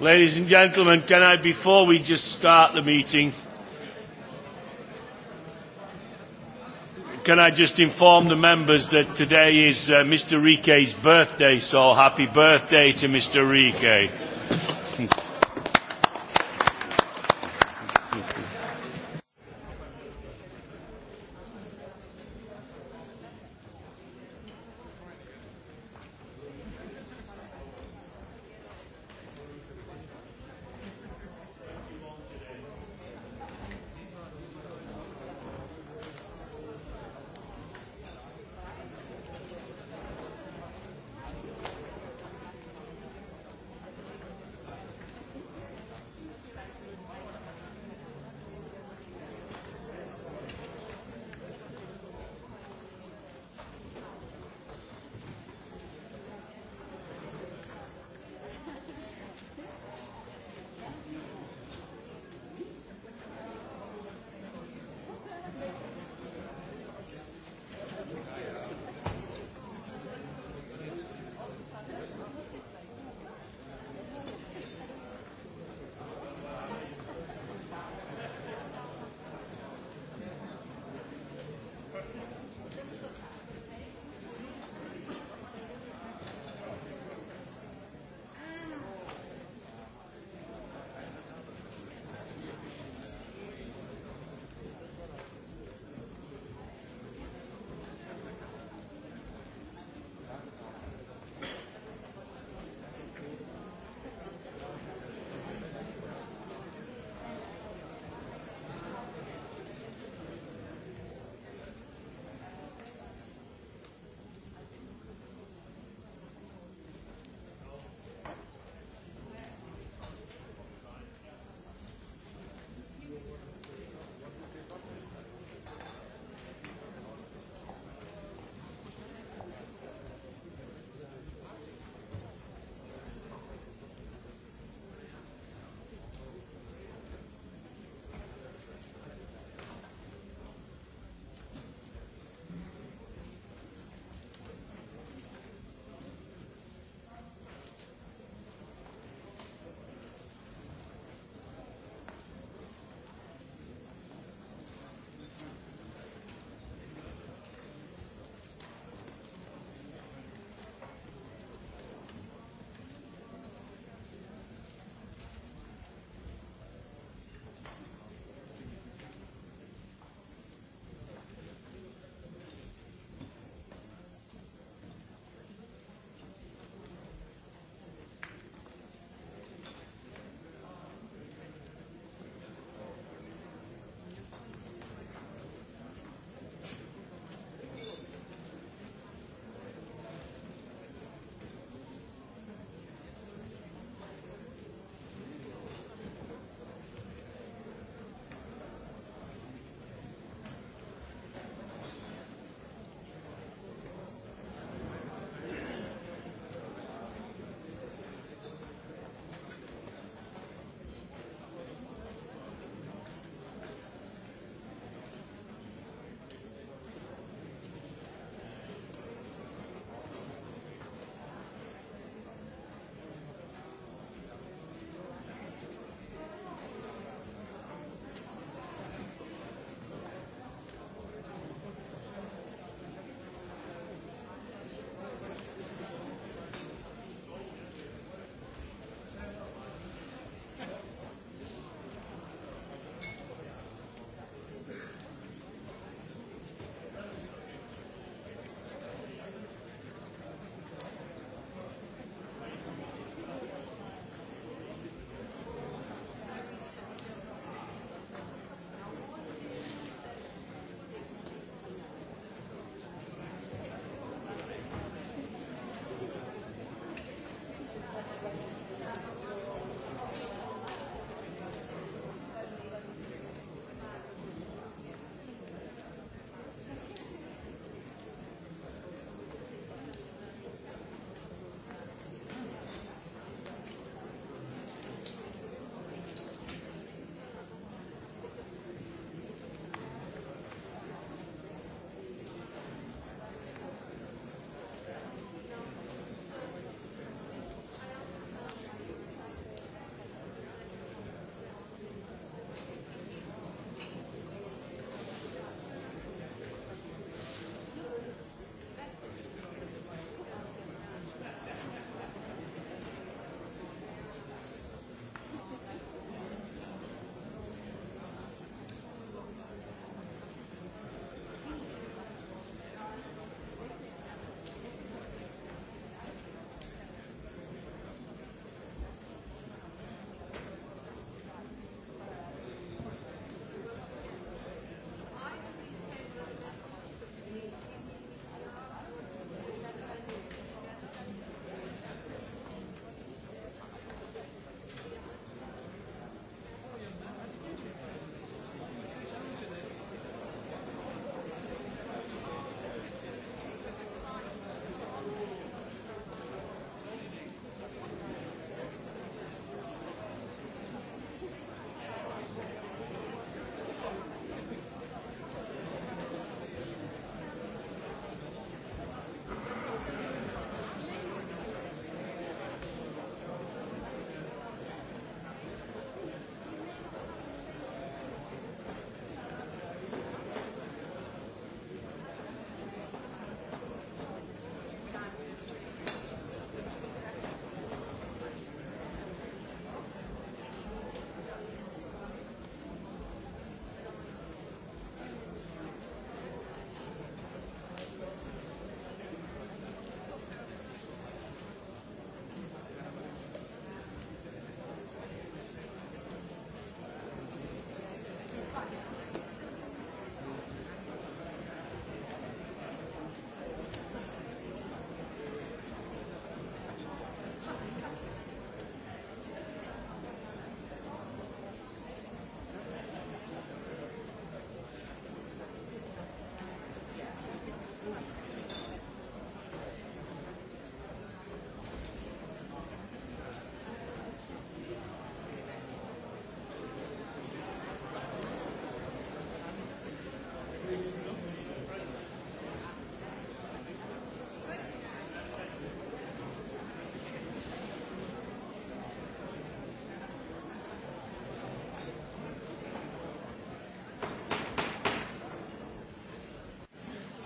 Ladies and gentlemen, can I, before we just start the meeting, can I just inform the members that today is uh, Mr. Rike's birthday, so happy birthday to Mr. Rike.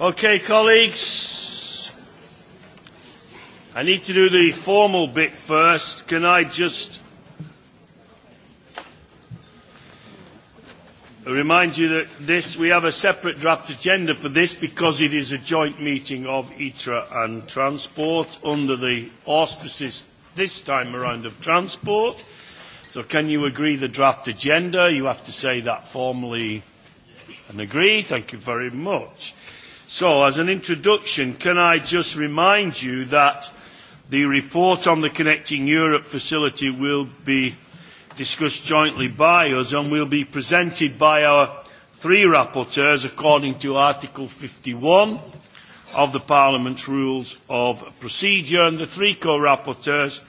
Okay, colleagues. I need to do the formal bit first. Can I just remind you that this we have a separate draft agenda for this because it is a joint meeting of ITRA and Transport under the auspices this time around of Transport. So can you agree the draft agenda? You have to say that formally and agree. Thank you very much. So, as an introduction, can I just remind you that the report on the Connecting Europe facility will be discussed jointly by us and will be presented by our three rapporteurs according to Article 51 of the Parliament's Rules of Procedure, and the three co-rapporteurs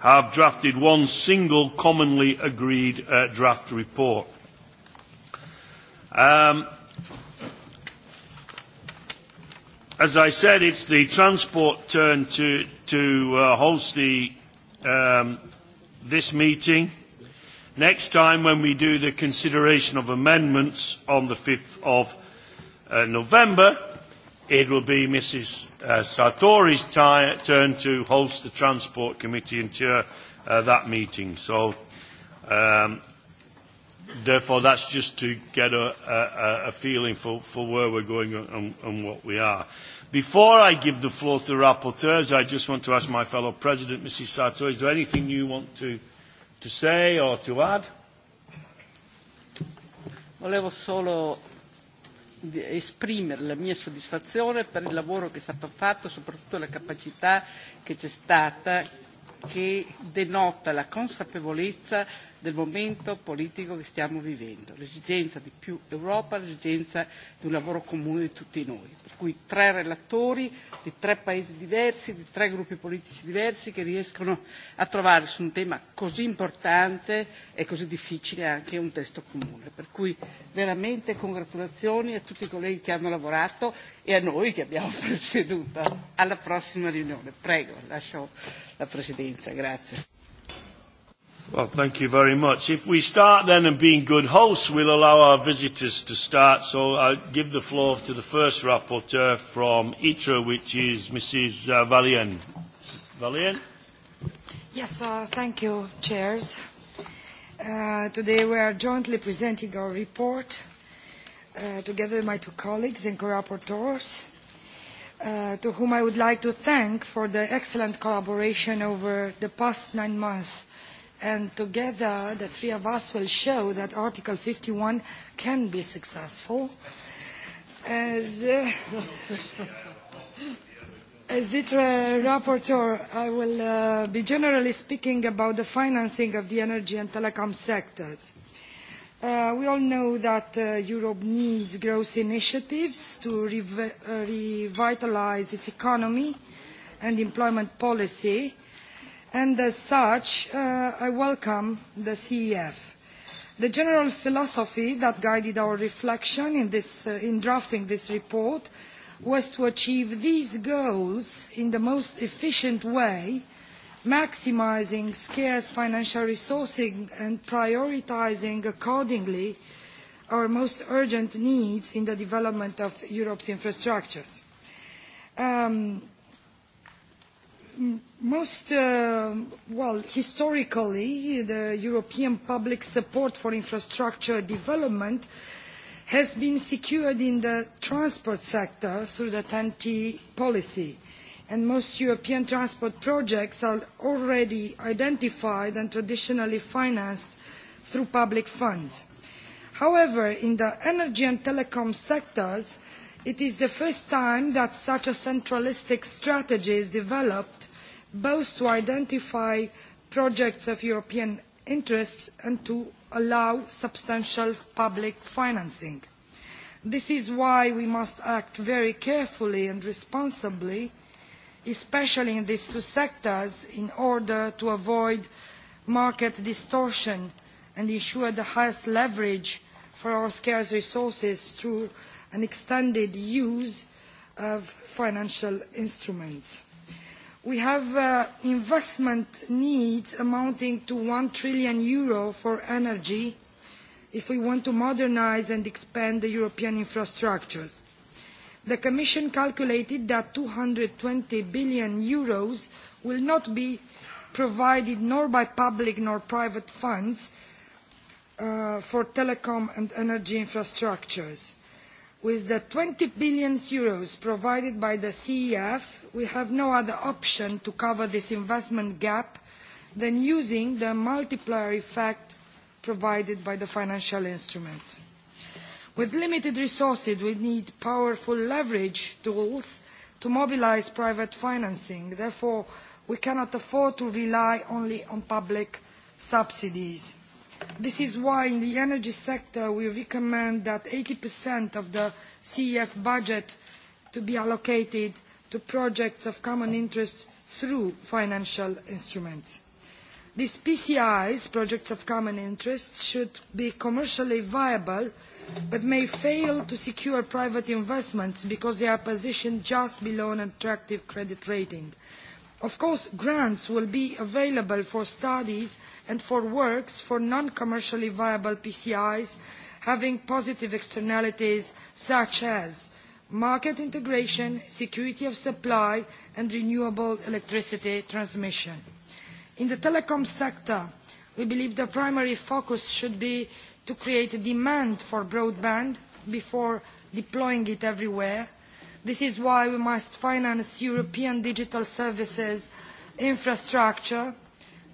have drafted one single commonly agreed uh, draft report. Um, as I said, it's the transport turn to, to uh, host the, um, this meeting. Next time, when we do the consideration of amendments on the 5th of uh, November, it will be Mrs. Uh, Sartori's turn to host the Transport Committee and chair uh, that meeting. So um, therefore, that's just to get a, a, a feeling for, for where we're going and, and what we are. Before I give the floor to the rapporteurs, I just want to ask my fellow president, Mrs. Sato, is there anything you want to, to say or to add? Volevo solo esprimere la mia soddisfazione per il lavoro che è stato fatto, soprattutto la capacità che c'è stata che denota la consapevolezza del momento politico che stiamo vivendo, l'esigenza di più Europa, l'esigenza di un lavoro comune di tutti noi. Per cui tre relatori di tre paesi diversi, di tre gruppi politici diversi che riescono a trovare su un tema così importante e così difficile anche un testo comune. Per cui veramente congratulazioni a tutti i colleghi che hanno lavorato e a noi che abbiamo presieduto. Alla prossima riunione. Prego, lascio la presidenza. Grazie. Well, thank you very much. If we start then and being good hosts, we'll allow our visitors to start. So I give the floor to the first rapporteur from ITRA, which is Mrs. Valien. Valien? Yes, uh, thank you, chairs. Uh, today we are jointly presenting our report uh, together with my two colleagues and co-rapporteurs, uh, to whom I would like to thank for the excellent collaboration over the past nine months and together the three of us will show that Article 51 can be successful. As, uh, as ITRE rapporteur, I will uh, be generally speaking about the financing of the energy and telecom sectors. Uh, we all know that uh, Europe needs growth initiatives to rev uh, revitalise its economy and employment policy, uh, and as such, I welcome the CEF. The general philosophy that guided our reflection in, drafting this report was to achieve these goals in the most efficient way, maximising scarce financial resources and prioritising accordingly our most urgent needs in the development of Europe's infrastructures most, well, historically, the European public support for infrastructure development has been secured in the transport sector through the TEN-T policy, and most European transport projects are already identified and traditionally financed through public funds. However, in the energy and telecom sectors, it is the first time that such a centralistic strategy is developed both to identify projects of European interest and to allow substantial public financing. This is why we must act very carefully and responsibly, especially in these two sectors, in order to avoid market distortion and ensure the highest leverage for our scarce resources through an extended use of financial instruments we have investment needs amounting to EUR one trillion for energy if we want to modernise and expand the European infrastructures. The Commission calculated that EUR two hundred and twenty billion will not be provided nor by public nor private funds for telecom and energy infrastructures With the EUR twenty billion provided by the CEF, we have no other option to cover this investment gap than using the multiplier effect provided by the financial instruments. With limited resources, we need powerful leverage tools to mobilise private financing. Therefore, we cannot afford to rely only on public subsidies This is why in the energy sector we recommend that 80% of the CEF budget to be allocated to projects of common interest through financial instruments. These PCIs, projects of common interest, should be commercially viable but may fail to secure private investments because they are positioned just below an attractive credit rating. Of course, grants will be available for studies and for works for non-commercially viable PCIs having positive externalities such as market integration, security of supply and renewable electricity transmission. In the telecom sector, we believe the primary focus should be to create a demand for broadband before deploying it everywhere This is why we must finance European digital services, infrastructure,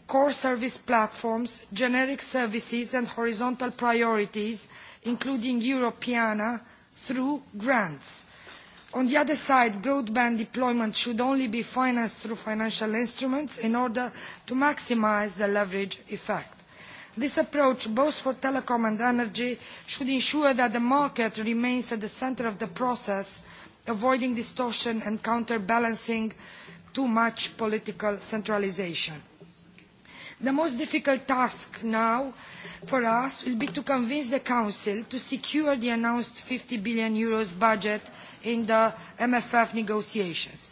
core service platforms, generic services and horizontal priorities, including Europeana, through grants. On the other side, broadband deployment should only be financed through financial instruments in order to maximise the leverage effect. This approach, both for telecom and energy, should ensure that the market remains at the centre of the process avoiding distortion and counterbalancing too much political centralisation. The most difficult task now for us will be to convince the Council to secure the announced EUR fifty billion budget in the MFF negotiations.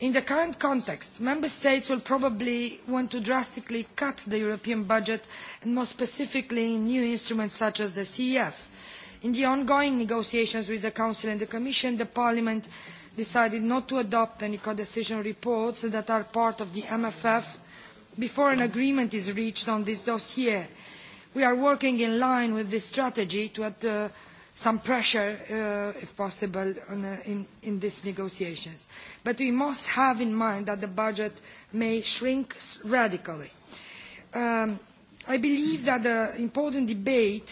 In the current context, Member States will probably want to drastically cut the European budget and more specifically in new instruments such as the CEF In the ongoing negotiations with the Council and the Commission, the Parliament decided not to adopt any co-decision reports that are part of the MFF before an agreement is reached on this dossier. We are working in line with this strategy to add some pressure, if possible, in, these negotiations. But we must have in mind that the budget may shrink radically. I believe that the important debate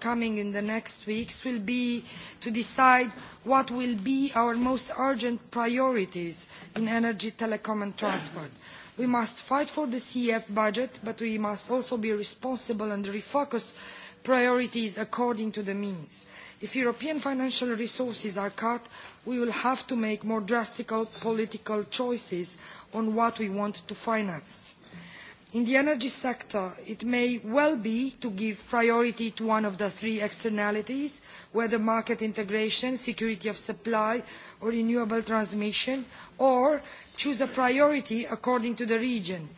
coming in the next weeks will be to decide what will be our most urgent priorities in energy, telecom and transport. We must fight for the CEF budget, but we must also be responsible and refocus priorities according to the means. If European financial resources are cut, we will have to make more drastic political choices on what we want to finance in the energy sector it may well be to give priority to one of the three externalities whether market integration security of supply or renewable transmission or choose a priority according to the region.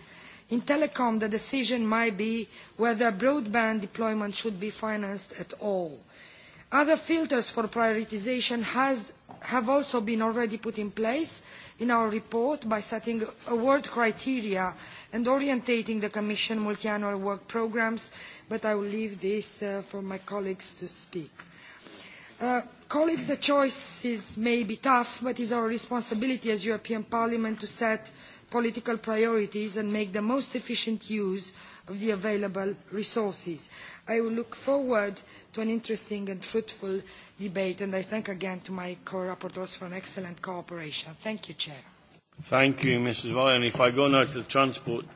in telecom the decision might be whether broadband deployment should be financed at all. other filters for prioritisation have also been already put in place in our report by setting award criteria and orientating the Commission multi-annual work programmes, but I will leave this for my colleagues to speak. colleagues, the choices may be tough, but it is our responsibility as European Parliament to set political priorities and make the most efficient use of the available resources. I will look forward to an interesting and fruitful debate, and I thank again to my co-rapporteurs for an excellent cooperation. Thank you, Chair. Thank you, Mrs. Wallen. And if I go now to the transport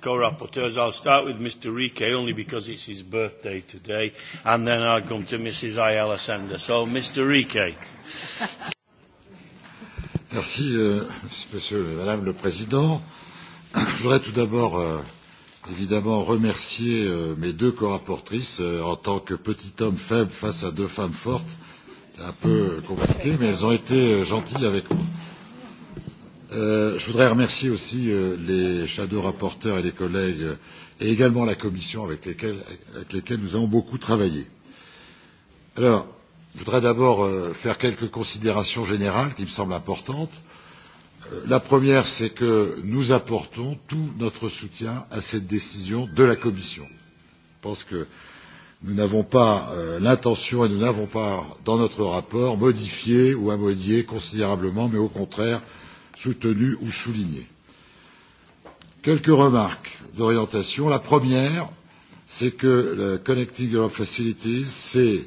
co-rapporteurs, I'll start with Mr. Rike only because it's his birthday today, and then I'll come to Mrs. Ayala Sender. So, Mr. Rike. Merci, euh, Monsieur et Madame le Président. Je voudrais tout d'abord, euh, évidemment, remercier euh, mes deux co-rapportrices euh, en tant que petit homme faible face à deux femmes fortes. C'est un peu compliqué, mais elles ont été gentilles avec moi je voudrais remercier aussi les shadow rapporteurs et les collègues et également la commission avec laquelle avec nous avons beaucoup travaillé. Alors, je voudrais d'abord faire quelques considérations générales qui me semblent importantes. La première, c'est que nous apportons tout notre soutien à cette décision de la Commission. Je pense que nous n'avons pas l'intention et nous n'avons pas, dans notre rapport, modifié ou amodié considérablement, mais au contraire, soutenu ou souligné. Quelques remarques d'orientation. La première, c'est que le Connecting Europe Facilities, c'est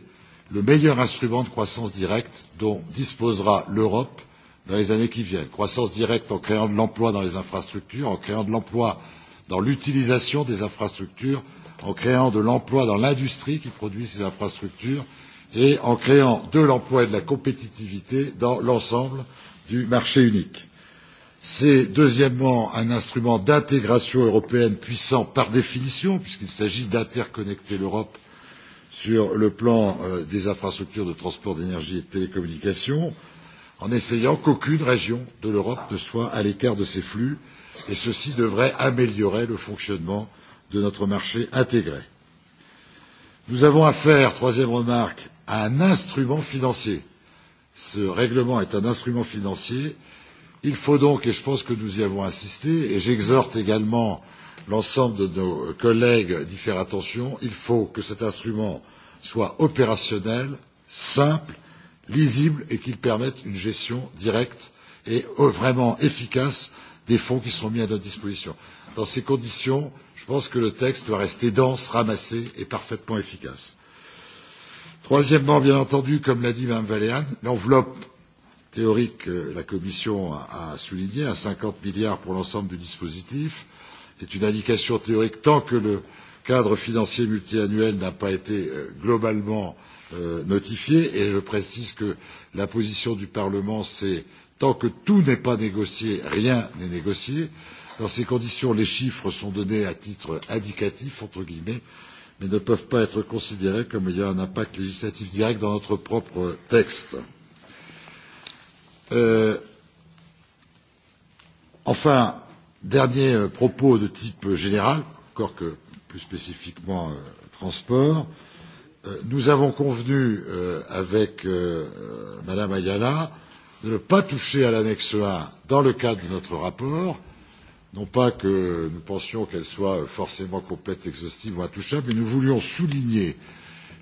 le meilleur instrument de croissance directe dont disposera l'Europe dans les années qui viennent. Croissance directe en créant de l'emploi dans les infrastructures, en créant de l'emploi dans l'utilisation des infrastructures, en créant de l'emploi dans l'industrie qui produit ces infrastructures et en créant de l'emploi et de la compétitivité dans l'ensemble du marché unique. C'est deuxièmement un instrument d'intégration européenne puissant par définition, puisqu'il s'agit d'interconnecter l'Europe sur le plan des infrastructures de transport d'énergie et de télécommunications, en essayant qu'aucune région de l'Europe ne soit à l'écart de ces flux, et ceci devrait améliorer le fonctionnement de notre marché intégré. Nous avons affaire, troisième remarque, à un instrument financier. Ce règlement est un instrument financier Il faut donc, et je pense que nous y avons insisté, et j'exhorte également l'ensemble de nos collègues d'y faire attention, il faut que cet instrument soit opérationnel, simple, lisible et qu'il permette une gestion directe et vraiment efficace des fonds qui seront mis à notre disposition. Dans ces conditions, je pense que le texte doit rester dense, ramassé et parfaitement efficace. Troisièmement, bien entendu, comme l'a dit Mme Valéane, l'enveloppe théorique que la Commission a souligné à 50 milliards pour l'ensemble du dispositif est une indication théorique tant que le cadre financier multiannuel n'a pas été globalement notifié et je précise que la position du Parlement c'est tant que tout n'est pas négocié, rien n'est négocié. Dans ces conditions, les chiffres sont donnés à titre indicatif, entre guillemets, mais ne peuvent pas être considérés comme ayant un impact législatif direct dans notre propre texte enfin, dernier propos de type général, encore que plus spécifiquement transport, nous avons convenu avec Madame Ayala de ne pas toucher à l'annexe 1 dans le cadre de notre rapport, non pas que nous pensions qu'elle soit forcément complète, exhaustive ou intouchable, mais nous voulions souligner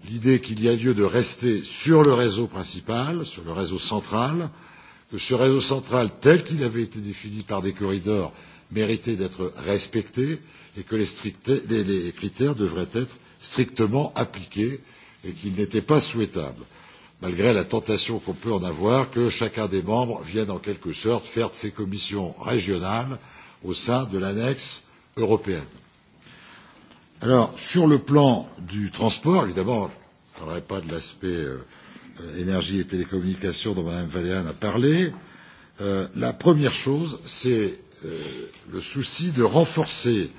l'idée qu'il y a lieu de rester sur le réseau principal, sur le réseau central, que ce réseau central, tel qu'il avait été défini par des corridors, méritait d'être respecté et que les, strictes, les, les critères devraient être strictement appliqués et qu'il n'était pas souhaitable, malgré la tentation qu'on peut en avoir, que chacun des membres vienne en quelque sorte faire de ses commissions régionales au sein de l'annexe européenne. Alors, sur le plan du transport, évidemment, je ne parlerai pas de l'aspect euh, énergie et télécommunications dont Mme Valéane a parlé, la première chose, c'est le souci de renforcer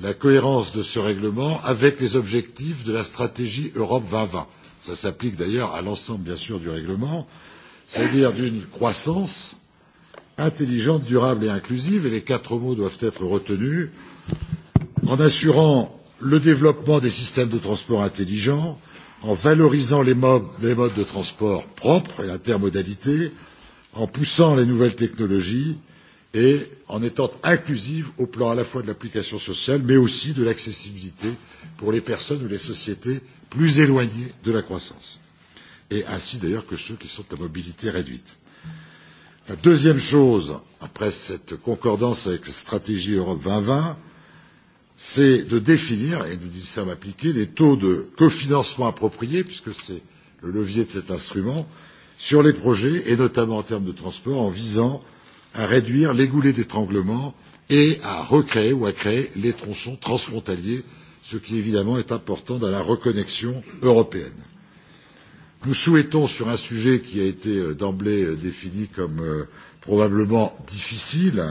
la cohérence de ce règlement avec les objectifs de la stratégie Europe deux mille vingt. Cela s'applique d'ailleurs à l'ensemble, bien sûr, du règlement, c'est-à-dire d'une croissance intelligente, durable et inclusive, et les quatre mots doivent être retenus, en assurant le développement des systèmes de transport intelligents, en valorisant les modes, les modes de transport propres et l'intermodalité, en poussant les nouvelles technologies et en étant inclusive au plan à la fois de l'application sociale, mais aussi de l'accessibilité pour les personnes ou les sociétés plus éloignées de la croissance, et ainsi d'ailleurs que ceux qui sont à mobilité réduite. La deuxième chose, après cette concordance avec la stratégie Europe 2020, c'est de définir, et nous sommes appliqués, des taux de cofinancement appropriés, puisque c'est le levier de cet instrument, sur les projets, et notamment en termes de transport, en visant à réduire les goulets d'étranglement et à recréer ou à créer les tronçons transfrontaliers, ce qui évidemment est important dans la reconnexion européenne. Nous souhaitons, sur un sujet qui a été d'emblée défini comme probablement difficile,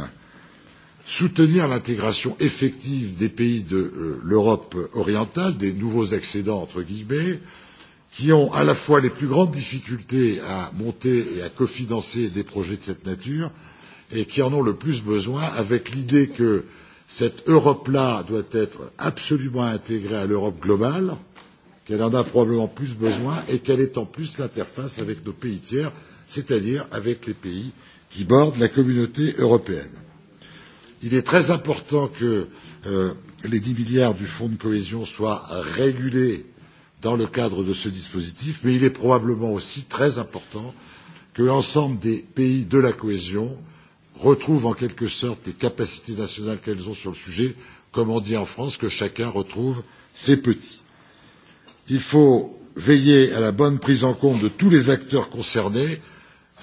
soutenir l'intégration effective des pays de l'Europe orientale, des nouveaux accédants entre guillemets, qui ont à la fois les plus grandes difficultés à monter et à cofinancer des projets de cette nature et qui en ont le plus besoin, avec l'idée que cette Europe-là doit être absolument intégrée à l'Europe globale, qu'elle en a probablement plus besoin et qu'elle est en plus l'interface avec nos pays tiers, c'est-à-dire avec les pays qui bordent la communauté européenne. Il est très important que euh, les 10 milliards du fonds de cohésion soient régulés dans le cadre de ce dispositif, mais il est probablement aussi très important que l'ensemble des pays de la cohésion retrouvent en quelque sorte les capacités nationales qu'elles ont sur le sujet, comme on dit en France, que chacun retrouve ses petits. Il faut veiller à la bonne prise en compte de tous les acteurs concernés,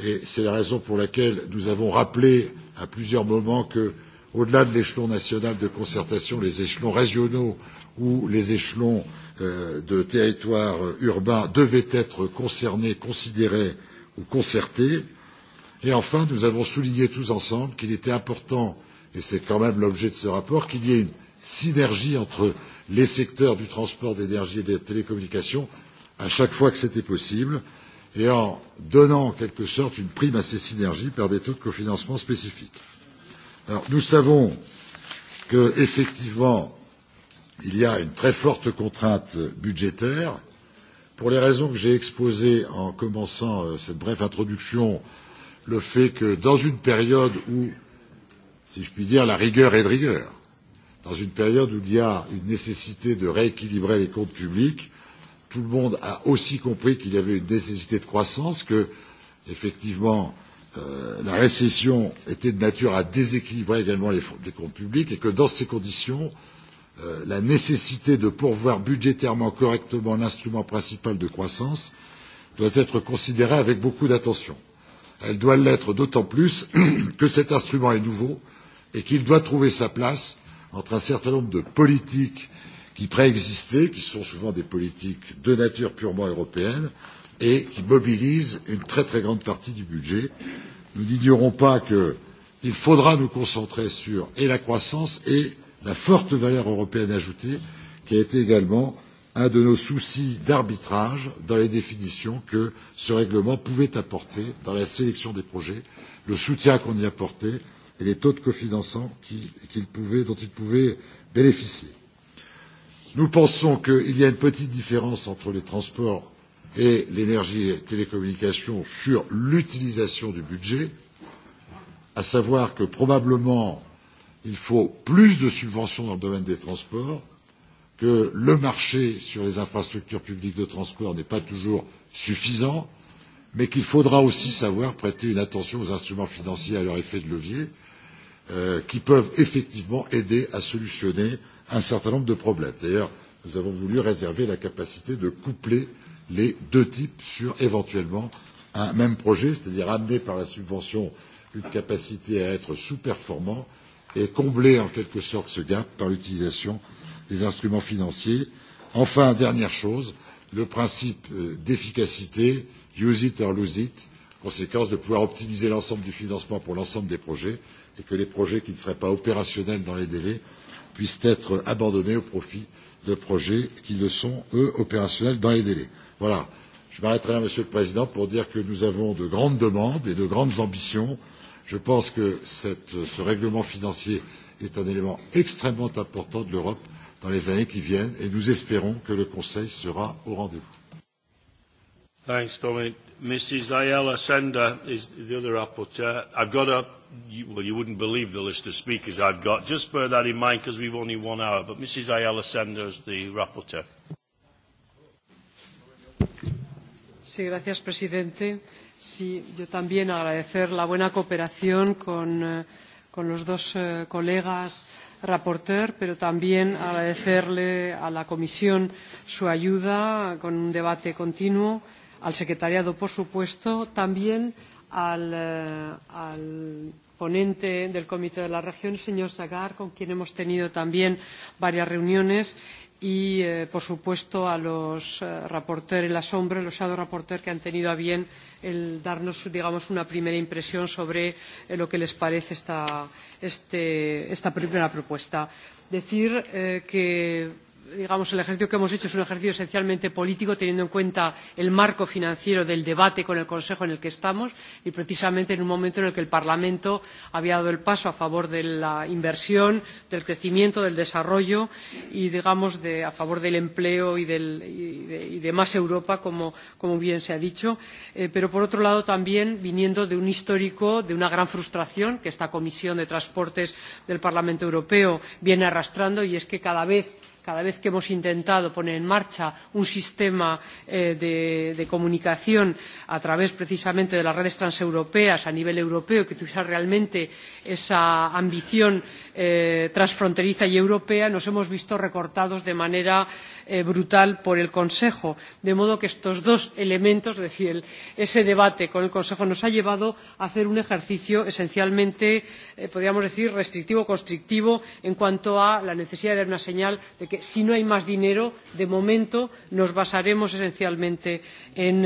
et c'est la raison pour laquelle nous avons rappelé à plusieurs moments que au-delà de l'échelon national de concertation, les échelons régionaux ou les échelons de territoires urbains devaient être concernés, considérés ou concertés. Et enfin, nous avons souligné tous ensemble qu'il était important, et c'est quand même l'objet de ce rapport, qu'il y ait une synergie entre les secteurs du transport, de l'énergie et des télécommunications à chaque fois que c'était possible, et en donnant en quelque sorte une prime à ces synergies par des taux de cofinancement spécifiques. Alors, nous savons qu'effectivement, il y a une très forte contrainte budgétaire. Pour les raisons que j'ai exposées en commençant cette brève introduction, le fait que dans une période où, si je puis dire, la rigueur est de rigueur, dans une période où il y a une nécessité de rééquilibrer les comptes publics, tout le monde a aussi compris qu'il y avait une nécessité de croissance, que, effectivement, la récession était de nature à déséquilibrer également les, comptes publics et que dans ces conditions, la nécessité de pourvoir budgétairement correctement l'instrument principal de croissance doit être considérée avec beaucoup d'attention. Elle doit l'être d'autant plus que cet instrument est nouveau et qu'il doit trouver sa place entre un certain nombre de politiques qui préexistaient, qui sont souvent des politiques de nature purement européenne, et qui mobilise une très très grande partie du budget. Nous n'ignorons pas qu'il faudra nous concentrer sur et la croissance et la forte valeur européenne ajoutée, qui a été également un de nos soucis d'arbitrage dans les définitions que ce règlement pouvait apporter dans la sélection des projets, le soutien qu'on y apportait et les taux de cofinancement dont il pouvait bénéficier. Nous pensons qu'il y a une petite différence entre les transports et l'énergie et les télécommunications sur l'utilisation du budget, à savoir que probablement il faut plus de subventions dans le domaine des transports, que le marché sur les infrastructures publiques de transport n'est pas toujours suffisant, mais qu'il faudra aussi savoir prêter une attention aux instruments financiers et à leur effet de levier, qui peuvent effectivement aider à solutionner un certain nombre de problèmes. D'ailleurs, nous avons voulu réserver la capacité de coupler euh, les deux types sur éventuellement un même projet, c'est-à-dire amener par la subvention une capacité à être sous-performant et combler en quelque sorte ce gap par l'utilisation des instruments financiers. Enfin, dernière chose, le principe d'efficacité, use it or lose it, conséquence de pouvoir optimiser l'ensemble du financement pour l'ensemble des projets et que les projets qui ne seraient pas opérationnels dans les délais puissent être abandonnés au profit de projets qui le sont, eux, opérationnels dans les délais. Voilà. Je m'arrêterai là, Monsieur le Président, pour dire que nous avons de grandes demandes et de grandes ambitions. Je pense que cette, ce règlement financier est un élément extrêmement important de l'Europe dans les années qui viennent et nous espérons que le Conseil sera au rendez-vous. Thanks, Dominic. Mrs. Ayala Sender is the other rapporteur. I've got a, you, well, you wouldn't believe the list of speakers I've got. Just bear that in mind because we've only one hour. But Mrs. Ayala Sender is the rapporteur. Señor presidente. yo también quiero agradecer la buena cooperación con, los dos colegas ponentes, pero también agradecerle a la Comisión su ayuda con un debate continuo, al secretariado, por supuesto, también al ponente del Comité de la Región, señor Sagar, con quien hemos tenido también varias reuniones, y, por supuesto, a los reporteros en sombra, los shadow reporteros que han tenido a bien darnos, digamos, una primera impresión sobre lo que les parece esta, primera propuesta. Decir que digamos, el ejercicio que hemos hecho es un ejercicio esencialmente político, teniendo en cuenta el marco financiero del debate con el Consejo en el que estamos y precisamente en un momento en el que el Parlamento había dado el paso a favor de la inversión, del crecimiento, del desarrollo y, digamos, de, a favor del empleo y, del, y, de, y de más Europa, como, como bien se ha dicho. Eh, pero, por otro lado, también viniendo de un histórico, de una gran frustración que esta Comisión de Transportes del Parlamento Europeo viene arrastrando y es que cada vez cada vez que hemos intentado poner en marcha un sistema de, comunicación a través precisamente de las redes transeuropeas a nivel europeo que tuviera realmente esa ambición transfronteriza y europea, nos hemos visto recortados de manera brutal por el Consejo. De modo que estos dos elementos, es decir, ese debate con el Consejo nos ha llevado a hacer un ejercicio esencialmente, podríamos decir, restrictivo, constrictivo en cuanto a la necesidad de dar una señal de que porque si no hay más dinero, de momento nos basaremos esencialmente en,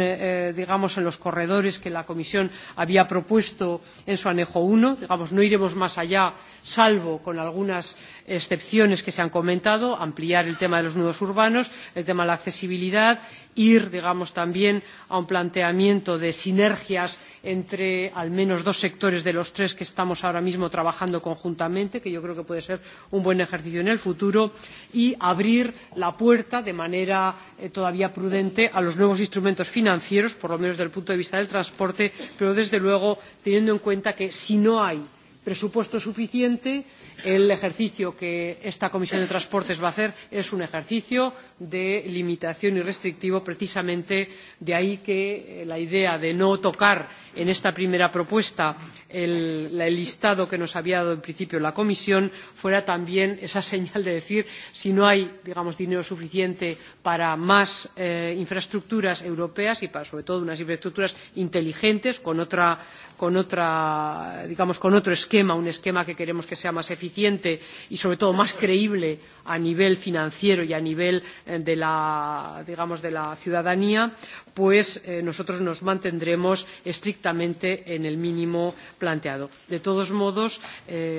digamos, en los corredores que la Comisión había propuesto en su anejo I. Digamos, no iremos más allá, salvo con algunas excepciones que se han comentado, ampliar el tema de los nudos urbanos, el tema de la accesibilidad, ir, digamos, también a un planteamiento de sinergias entre al menos dos sectores de los tres que estamos ahora mismo trabajando conjuntamente, que yo creo que puede ser un buen ejercicio en el futuro, y abrir la puerta de manera todavía prudente a los nuevos instrumentos financieros, por lo menos desde el punto de vista del transporte, pero desde luego teniendo en cuenta que si no hay presupuesto suficiente. El ejercicio que esta Comisión de Transportes va a hacer es un ejercicio de limitación y restrictivo, precisamente de ahí que la idea de no tocar en esta primera propuesta el, listado que nos había dado en principio la Comisión fuera también esa señal de decir si no hay digamos, dinero suficiente para más infraestructuras europeas y para sobre todo unas infraestructuras inteligentes con otra con otra digamos con otro esquema un esquema que queremos que sea más eficiente y sobre todo más creíble a nivel financiero y a nivel de la, digamos, de la ciudadanía, pues nosotros nos mantendremos estrictamente en el mínimo planteado. De todos modos,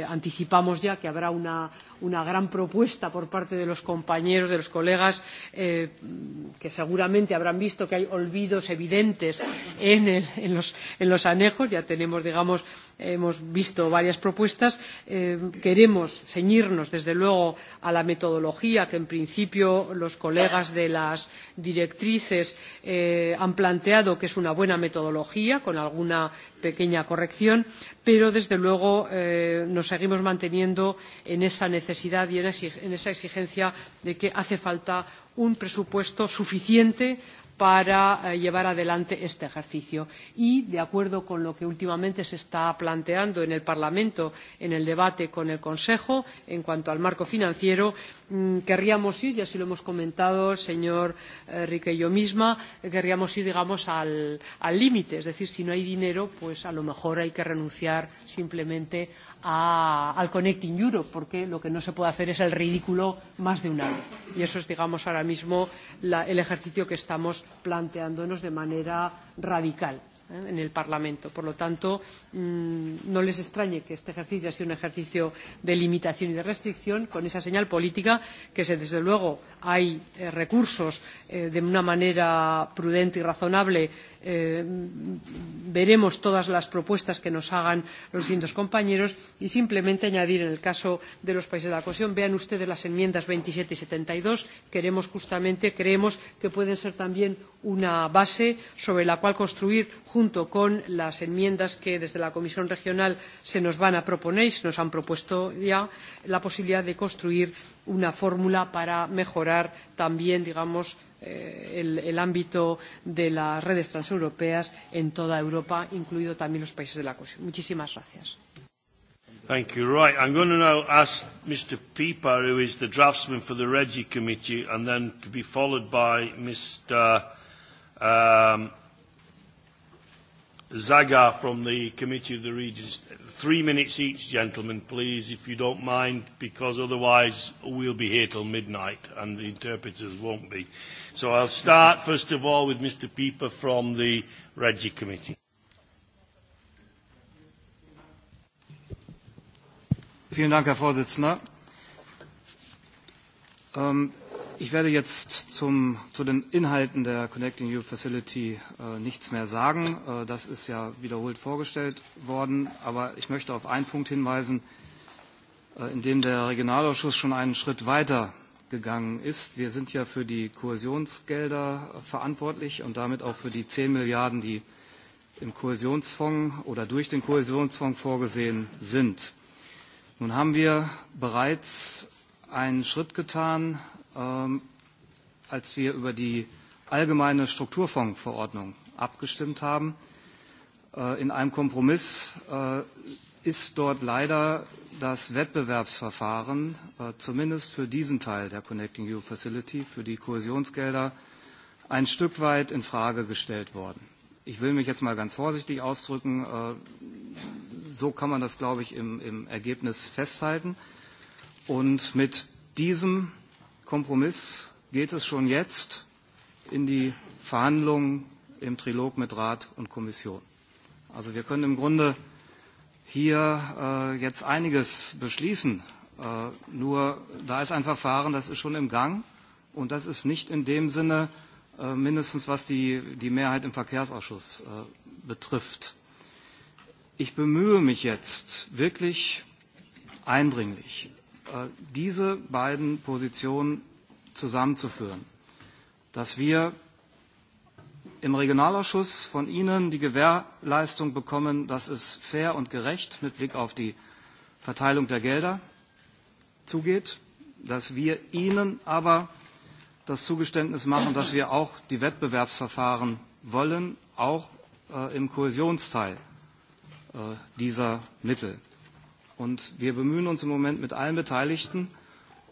anticipamos ya que habrá una, gran propuesta por parte de los compañeros, de los colegas, que seguramente habrán visto que hay olvidos evidentes en, los, anejos. Ya tenemos, digamos, hemos visto varias propuestas. queremos ceñirnos, desde luego, a la metodología que, en principio, los colegas de las directrices han planteado que es una buena metodología, con alguna pequeña corrección, pero, desde luego, nos seguimos manteniendo en esa necesidad y en esa exigencia de que hace falta un presupuesto suficiente para llevar adelante este ejercicio. Y, de acuerdo con lo que últimamente se está planteando en el Parlamento en el debate con el Consejo en cuanto al marco financiero, querríamos ir, y así lo hemos comentado el señor Rique y yo misma, querríamos ir, digamos, al límite. Es decir, si no hay dinero, pues a lo mejor hay que renunciar simplemente a, al Connecting Europe, porque lo que no se puede hacer es el ridículo más de una vez. Y eso es, digamos, ahora mismo la, el ejercicio que estamos planteándonos de manera radical en el Parlamento. Por lo tanto, mmm, no les extrañe que este ejercicio sea sido un ejercicio de limitación y de restricción con esa señal política que, se, desde luego, hay eh, recursos eh, de una manera prudente y razonable veremos todas las propuestas que nos hagan los distintos compañeros y simplemente añadir en el caso de los países de la cohesión vean ustedes las enmiendas veintisiete y setenta y dos creemos que pueden ser también una base sobre la cual construir junto con las enmiendas que desde la comisión regional se nos van a proponer y se nos han propuesto ya la posibilidad de construir una fórmula para mejorar también digamos el, ámbito de las redes transeuropeas en toda Europa, incluido también los países de la cohesión. Muchísimas gracias. Thank you. Right, I'm going to now ask Mr. Pieper, who is the draftsman for the Regi Committee, and then to be followed by Mr. Um, Zagar from the Committee of the Regions. Three minutes each, gentlemen, please, if you don't mind, because otherwise we'll be here till midnight and the interpreters won't be. So I'll start, first of all, with Mr. Pieper from the Regi Committee. Vielen Dank, Herr Vorsitzender. Um, Ich werde jetzt zum, zu den Inhalten der Connecting Europe Facility äh, nichts mehr sagen. Äh, das ist ja wiederholt vorgestellt worden. Aber ich möchte auf einen Punkt hinweisen, äh, in dem der Regionalausschuss schon einen Schritt weiter gegangen ist. Wir sind ja für die Kohäsionsgelder verantwortlich und damit auch für die 10 Milliarden, die im Kohäsionsfonds oder durch den Kohäsionsfonds vorgesehen sind. Nun haben wir bereits einen Schritt getan, als wir über die allgemeine Strukturfondsverordnung abgestimmt haben. In einem Kompromiss ist dort leider das Wettbewerbsverfahren zumindest für diesen Teil der Connecting Europe Facility, für die Kohäsionsgelder, ein Stück weit in Frage gestellt worden. Ich will mich jetzt mal ganz vorsichtig ausdrücken. So kann man das, glaube ich, im, Ergebnis festhalten. Und mit diesem Kompromiss geht es schon jetzt in die Verhandlungen im Trilog mit Rat und Kommission. Also wir können im Grunde hier äh, jetzt einiges beschließen. Äh, nur da ist ein Verfahren, das ist schon im Gang und das ist nicht in dem Sinne, äh, mindestens was die, die Mehrheit im Verkehrsausschuss äh, betrifft. Ich bemühe mich jetzt wirklich eindringlich diese beiden Positionen zusammenzuführen, dass wir im Regionalausschuss von Ihnen die Gewährleistung bekommen, dass es fair und gerecht mit Blick auf die Verteilung der Gelder zugeht, dass wir Ihnen aber das Zugeständnis machen, dass wir auch die Wettbewerbsverfahren wollen, auch im Kohäsionsteil dieser Mittel. Und wir bemühen uns im Moment mit allen Beteiligten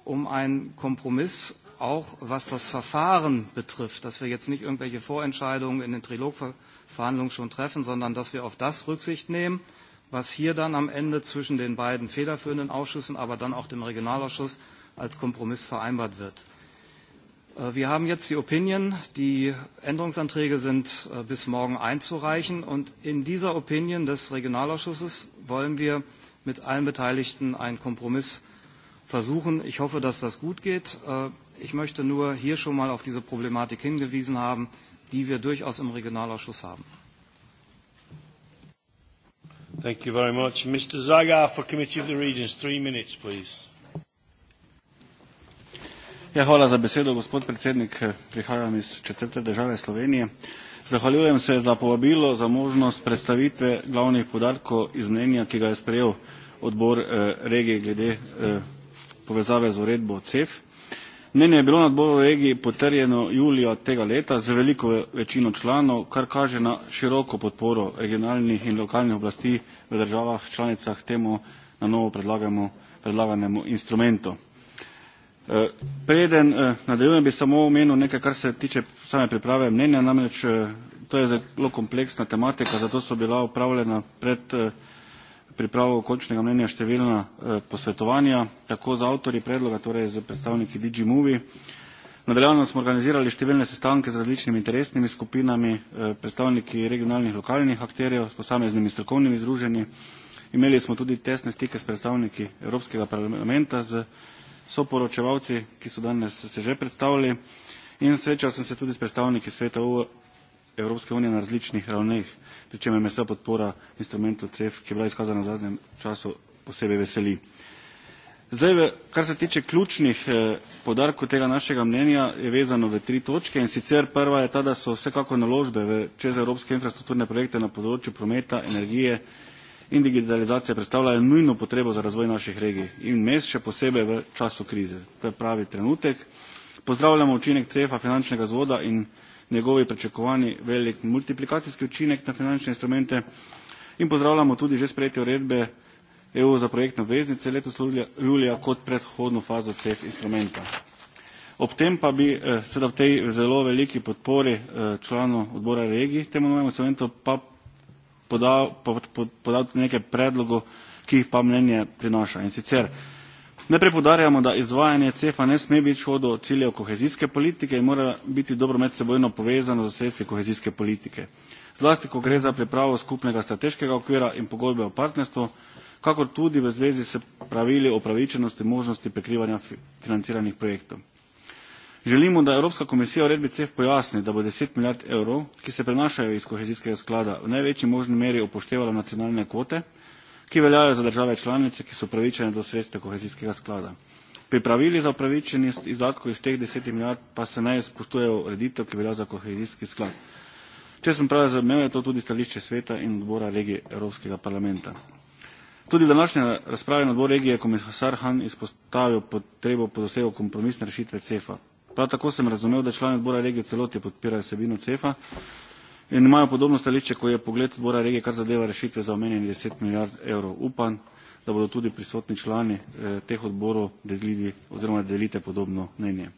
um einen Kompromiss, auch was das Verfahren betrifft, dass wir jetzt nicht irgendwelche Vorentscheidungen in den Trilogverhandlungen schon treffen, sondern dass wir auf das Rücksicht nehmen, was hier dann am Ende zwischen den beiden federführenden Ausschüssen, aber dann auch dem Regionalausschuss als Kompromiss vereinbart wird. Wir haben jetzt die Opinion. Die Änderungsanträge sind bis morgen einzureichen. Und in dieser Opinion des Regionalausschusses wollen wir mit allen Beteiligten einen Kompromiss versuchen. Ich hoffe, dass das gut geht. Ich möchte nur hier schon mal auf diese Problematik hingewiesen haben, die wir durchaus im Regionalausschuss haben. Thank you very much. Mr. Zagar for Committee of the Regions, three minutes, please. Ja, hvala za besedo, gospod predsednik. Prihajam iz četrte države Slovenije. Zahvaljujem se za povabilo, za možnost predstavitve glavnih podarkov iz mnenja, ki ga je sprejel odbor regij glede povezave z uredbo CEF. Mnenje je bilo na odboru regij potrjeno julija tega leta z veliko večino članov, kar kaže na široko podporo regionalnih in lokalnih oblasti v državah članicah temu na novo predlaganemu instrumentu. Preden nadaljujem, bi samo omenil nekaj, kar se tiče same priprave mnenja, namreč to je zelo kompleksna tematika, zato so bila upravljena pred pripravo končnega mnenja številna posvetovanja, tako za avtorji predloga, torej za predstavniki DG Movie. Nadaljevno smo organizirali številne sestanke z različnimi interesnimi skupinami, predstavniki regionalnih lokalnih akterjev, s posameznimi strokovnimi združenji. Imeli smo tudi tesne stike s predstavniki Evropskega parlamenta, z soporočevalci, ki so danes se že predstavili in srečal sem se tudi s predstavniki sveta Evropske unije na različnih ravneh, pri čemer me vsa podpora instrumentu CEF, ki je bila izkazana v zadnjem času, posebej veseli. Zdaj, kar se tiče ključnih podarkov tega našega mnenja, je vezano v tri točke in sicer prva je ta, da so vsekako naložbe v čezevropske infrastrukturne projekte na področju prometa, energije in digitalizacije predstavljajo nujno potrebo za razvoj naših regij in mest, še posebej v času krize. To je pravi trenutek. Pozdravljamo učinek CEF-a finančnega zvoda in njegovi pričakovani velik multiplikacijski učinek na finančne instrumente in pozdravljamo tudi že sprejete uredbe EU za projektne obveznice letos julija kot predhodno fazo CEF instrumenta. Ob tem pa bi seveda v tej zelo veliki podpori članov odbora regij temu novemu instrumentu pa podal, podal tudi nekaj predlogov, ki jih pa mnenje prinaša. In sicer Ne prepoudarjamo, da izvajanje CEF-a ne sme biti do ciljev kohezijske politike in mora biti dobro medsebojno povezano z sredstvi kohezijske politike. Zlasti, ko gre za pripravo skupnega strateškega okvira in pogodbe o partnerstvu, kakor tudi v zvezi s pravili o pravičenosti možnosti prekrivanja financiranih projektov. Želimo, da Evropska komisija uredbi CEF pojasni, da bo 10 milijard evrov, ki se prenašajo iz kohezijskega sklada, v največji možni meri upoštevala nacionalne kvote – ki veljajo za države članice, ki so upravičene do sredstev kohezijskega sklada. Pri pravili za upravičenje izdatkov iz teh desetih milijard pa se naj spoštuje ureditev, ki velja za kohezijski sklad. Če sem prav razumel, je to tudi stališče sveta in odbora regije Evropskega parlamenta. Tudi v današnji razpravi na odboru regije je komisar Han izpostavil potrebo po dosegu kompromisne rešitve CEFA. Prav tako sem razumel, da člani odbora regije celoti podpirajo vsebino CEFA, Imajo podobno stališče, ko je pogled odbora regije, kar zadeva rešitve za omenjeni 10 milijard evrov. Upam, da bodo tudi prisotni člani teh odborov delili oziroma delite podobno mnenje.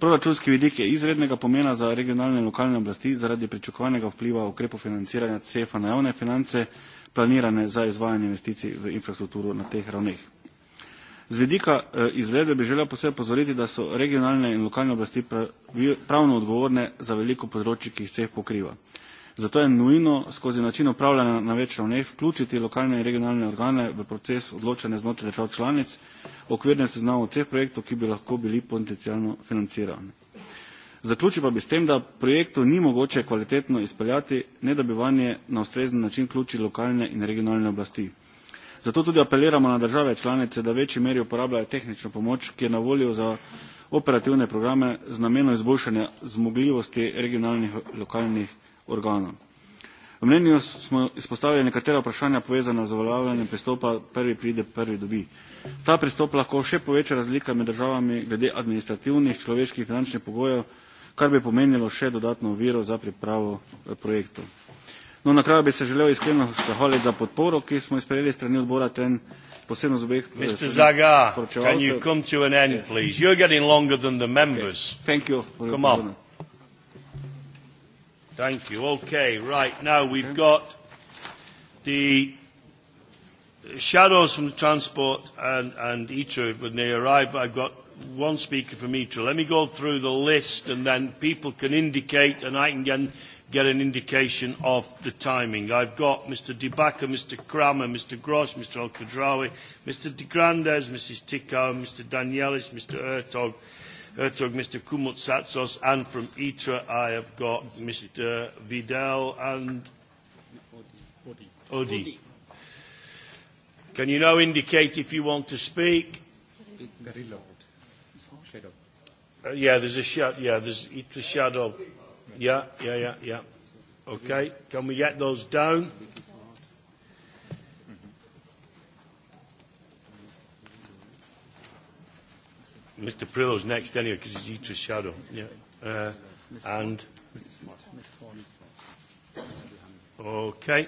Proračunski vidik je izrednega pomena za regionalne in lokalne oblasti zaradi pričakovanega vpliva ukrepov financiranja CEF-a na javne finance, planirane za izvajanje investicij v infrastrukturo na teh ravneh. Z vidika izvedbe bi želel posebej pozoriti, da so regionalne in lokalne oblasti pravno odgovorne za veliko področje ki jih vseh pokriva. Zato je nujno skozi način upravljanja na več ravneh vključiti lokalne in regionalne organe v proces odločanja znotraj držav članic, okvirne seznamo teh projektov, ki bi lahko bili potencijalno financirani. Zaključil pa bi s tem, da projektov ni mogoče kvalitetno izpeljati, ne da bi vanje na ustrezen način vključili lokalne in regionalne oblasti. Zato tudi apeliramo na države članice, da večji meri uporabljajo tehnično pomoč, ki je na voljo za operativne programe z namenom izboljšanja zmogljivosti regionalnih lokalnih organov. V mnenju smo izpostavili nekatera vprašanja povezana z uveljavljanjem pristopa prvi pride, prvi dobi. Ta pristop lahko še poveča razlika med državami glede administrativnih, človeških finančnih pogojev, kar bi pomenilo še dodatno oviro za pripravo projektov. No, na kraju bi se želel iskreno zahvaliti za podporo, ki smo jo sprejeli strani odbora TREN, posebno z obeh Mr. Zagar, can you come to an end, yes. please? You're getting longer than the members. Okay. Thank you. come on. Thank you. Okay, right. Now we've got the shadows from the transport and, and ITRA when they arrive. I've got one speaker from ITRA. Let me go through the list and then people can indicate and I can get get an indication of the timing. I've got Mr. De Backer, Mr. Cramer, Mr. Gross, Mr. El Khadraoui, Mr. De Grandes, Mrs. Tikau, Mr. Danielis, Mr. Ertog, Ertog, Mr. Kumutsatsos, and from ITRA I have got Mr. Vidal and Odi. Can you now indicate if you want to speak? Uh, Yeah, there's a shadow. Yeah, there's, it's a shadow. Yeah, yeah, yeah, yeah. Okay, can we get those down? Mr. Prillo's next anyway because he's Eater's shadow. Yeah. Uh, and okay.